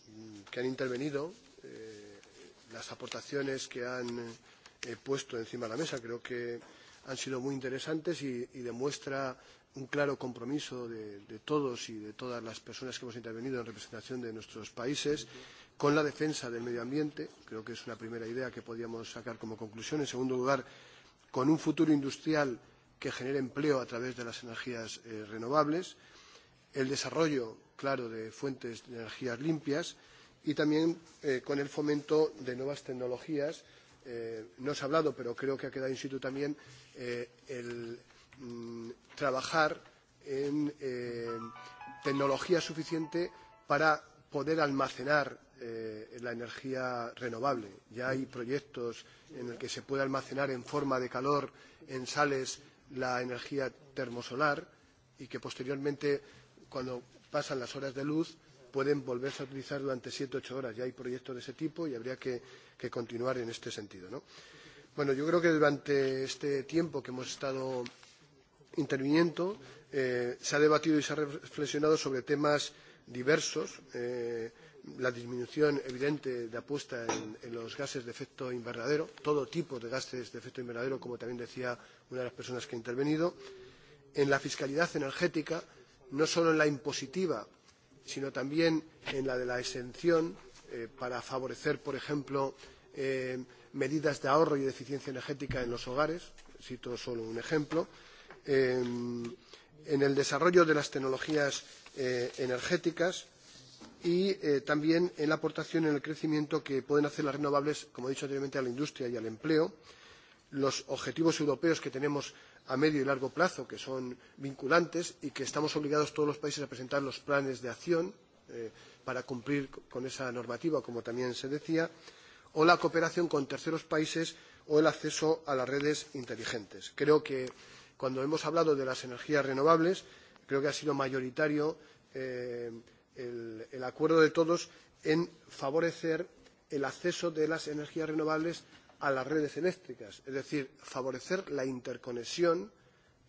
mm, que han intervenido, eh, las aportaciones que han eh, puesto encima de la mesa. Creo que han sido muy interesantes y, y demuestra un claro compromiso de, de todos y de todas las personas que hemos intervenido en representación de nuestros países con la defensa del medio ambiente. Creo que es una primera idea que podíamos sacar como conclusión. En segundo lugar, con un futuro industrial que genere empleo a través de las energías eh, renovables, el desarrollo, claro, de fuentes de energías limpias y también eh, con el fomento de nuevas tecnologías. Eh, no se ha hablado, pero creo que ha quedado in situ también eh, el mm, trabajar en eh, tecnología suficiente para poder almacenar eh, la energía renovable. Ya hay proyectos en los que se puede almacenar en forma de calor en sales la energía termosolar y que posteriormente, cuando pasan las horas de luz, pueden volverse a utilizar durante siete o ocho horas. Ya hay proyectos de ese tipo y habría que, que continuar en este sentido. ¿no? Bueno, yo creo que durante este tiempo que hemos estado interviniendo eh, se ha debatido y se ha reflexionado sobre temas diversos. Eh, la disminución evidente de apuesta en, en los gases de efecto invernadero, todo tipo de gases de efecto invernadero, como también decía una de las personas que ha intervenido, en la fiscalidad energética, no solo en la impositiva, sino también en la de la exención eh, para favorecer, por ejemplo, eh, medidas de ahorro y de eficiencia energética en los hogares, cito solo un ejemplo, eh, en el desarrollo de las tecnologías eh, energéticas, y eh, también en la aportación en el crecimiento que pueden hacer las renovables, como he dicho anteriormente, a la industria y al empleo. Los objetivos europeos que tenemos a medio y largo plazo, que son vinculantes y que estamos obligados todos los países a presentar los planes de acción eh, para cumplir con esa normativa, como también se decía, o la cooperación con terceros países o el acceso a las redes inteligentes. Creo que cuando hemos hablado de las energías renovables, creo que ha sido mayoritario eh, el, el acuerdo de todos en favorecer el acceso de las energías renovables a las redes eléctricas, es decir, favorecer la interconexión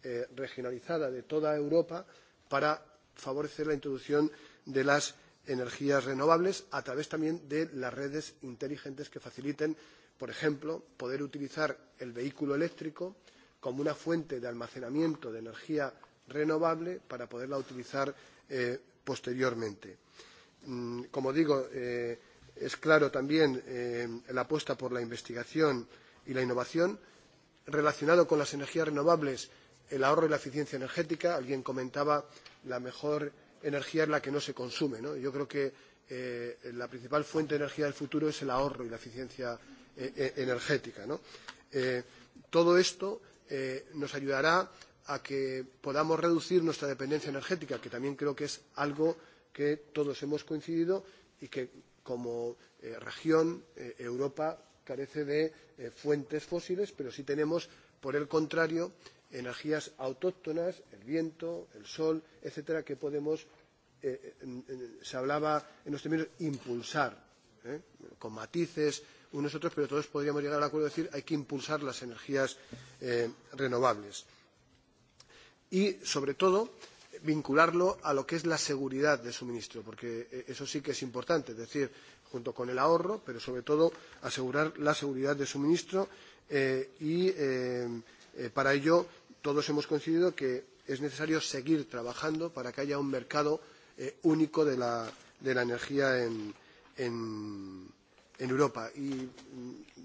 eh, regionalizada de toda Europa para favorecer la introducción de las energías renovables a través también de las redes inteligentes que faciliten, por ejemplo, poder utilizar el vehículo eléctrico como una fuente de almacenamiento de energía renovable para poderla utilizar eh, posteriormente. Mm, como digo, eh, es claro también eh, la apuesta por la investigación y la innovación. Relacionado con las energías renovables, el ahorro y la eficiencia energética. Alguien comentaba la mejor energía es la que no se consume. ¿no? Yo creo que eh, la principal fuente de energía del futuro es el ahorro y la eficiencia eh, eh energética. ¿no? Eh, todo esto eh, nos ayudará a que podamos reducir nuestra dependencia energética, que también creo que es algo que todos hemos coincidido y que como eh, región eh, Europa carece de eh, fuentes fósiles, pero sí tenemos, por el contrario, energías autóctonas, el viento, el sol, etcétera, que podemos, eh, eh, se hablaba en los términos, impulsar, ¿eh? con matices unos otros, pero todos podríamos llegar al acuerdo de decir hay que impulsar las energías eh, renovables y, sobre todo, vincularlo a lo que es la seguridad de suministro, porque eh, eso sí que es importante, es decir, junto con el ahorro, pero sobre todo asegurar la seguridad de suministro eh, y eh, eh, para ello todos hemos coincidido que es necesario seguir trabajando para que haya un mercado eh, único de la, de la energía en, en, en Europa. Y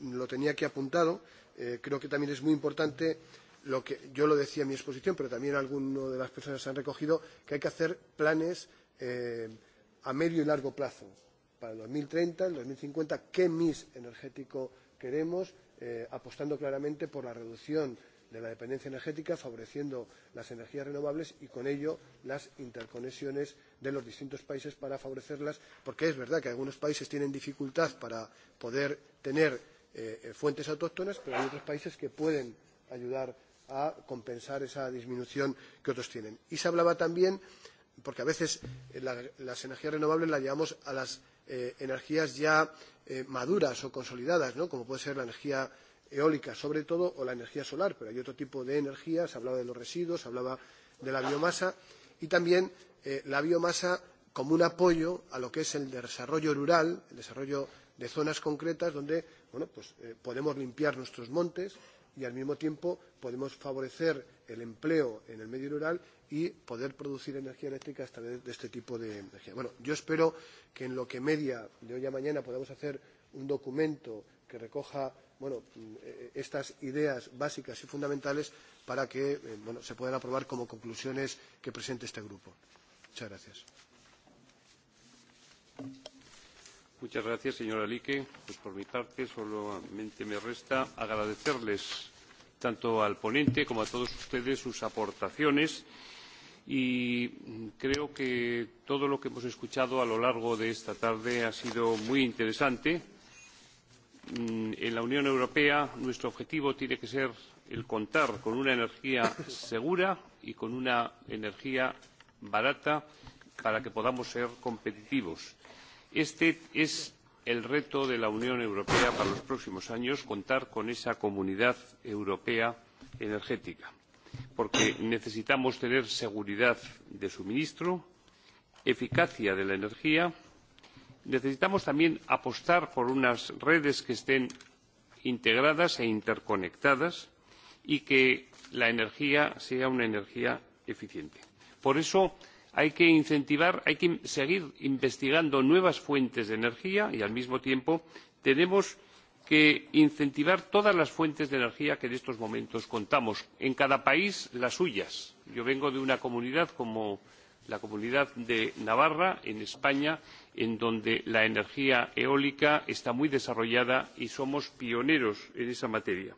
mm, lo tenía aquí apuntado, eh, creo que también es muy importante lo que yo lo decía en mi exposición, pero también algunas de las personas han recogido, que hay que hacer planes eh, a medio y largo plazo. Para el 2030, el 2050, qué mix energético queremos, eh, apostando claramente por la reducción de la dependencia energética, favoreciendo las energías renovables y con ello las interconexiones de los distintos países para favorecerlas, porque es verdad que algunos países tienen dificultad para poder tener eh, eh fuentes autóctonas, pero hay otros países que pueden ayudar a compensar esa disminución que otros tienen. Y se hablaba también, porque a veces la, las energías renovables las llevamos a las eh, energías ya eh, maduras o consolidadas, ¿no? como puede ser la energía eólica sobre todo o la energía solar, pero hay otro tipo de energía, se hablaba de los residuos, se hablaba de la biomasa y también eh, la biomasa como un apoyo a lo que es el desarrollo rural, el desarrollo de zonas concretas donde bueno, pues, eh, podemos limpiar nuestros montes, y al mismo tiempo podemos favorecer el empleo en el medio rural y poder producir energía eléctrica a través de este tipo de energía. Bueno, yo espero que en lo que media de hoy a mañana podamos hacer un documento que recoja bueno, mm, e, e, estas ideas básicas y fundamentales para que eh, bueno, se puedan aprobar como conclusiones que presente este grupo. Muchas gracias. Muchas gracias, señora Lique. Pues por mi parte, solamente me resta agradecerles tanto al ponente como a todos ustedes sus aportaciones y creo que todo lo que hemos escuchado a lo largo de esta tarde ha sido muy interesante. Mm, en la Unión Europea nuestro objetivo tiene que ser el contar con una energía segura y con una energía barata para que podamos ser competitivos Este es el reto de la Unión Europea para los próximos años, contar con esa comunidad europea energética, porque necesitamos tener seguridad de suministro, eficacia de la energía, necesitamos también apostar por unas redes que estén integradas e interconectadas y que la energía sea una energía eficiente. Por eso, hay que incentivar, hay que seguir investigando nuevas fuentes de energía y al mismo tiempo tenemos que incentivar todas las fuentes de energía que en estos momentos contamos. En cada país las suyas. Yo vengo de una comunidad como la comunidad de Navarra, en España, en donde la energía eólica está muy desarrollada y somos pioneros en esa materia.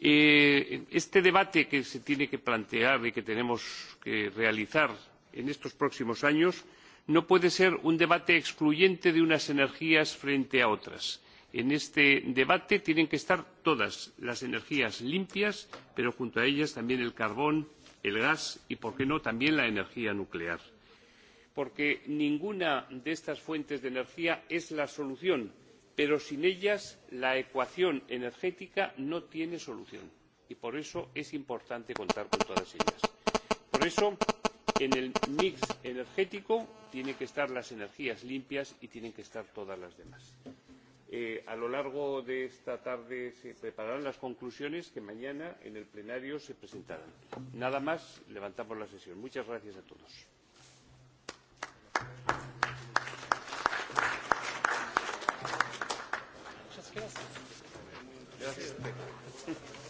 Eh, este debate que se tiene que plantear y que tenemos que realizar en estos próximos años no puede ser un debate excluyente de unas energías frente a otras. En este debate tienen que estar todas las energías limpias, pero junto a ellas también el carbón, el gas y, por qué no, también la energía nuclear. Porque ninguna de estas fuentes de energía es la solución, pero sin ellas la ecuación energética no tiene solución. Y por eso es importante contar con todas ellas. Por eso en el mix energético tienen que estar las energías limpias y tienen que estar todas las demás. Eh, a lo largo de esta tarde se prepararán las conclusiones que mañana en el plenario se presentarán. Nada más, levantamos la sesión. Muchas gracias a todos. Gracias.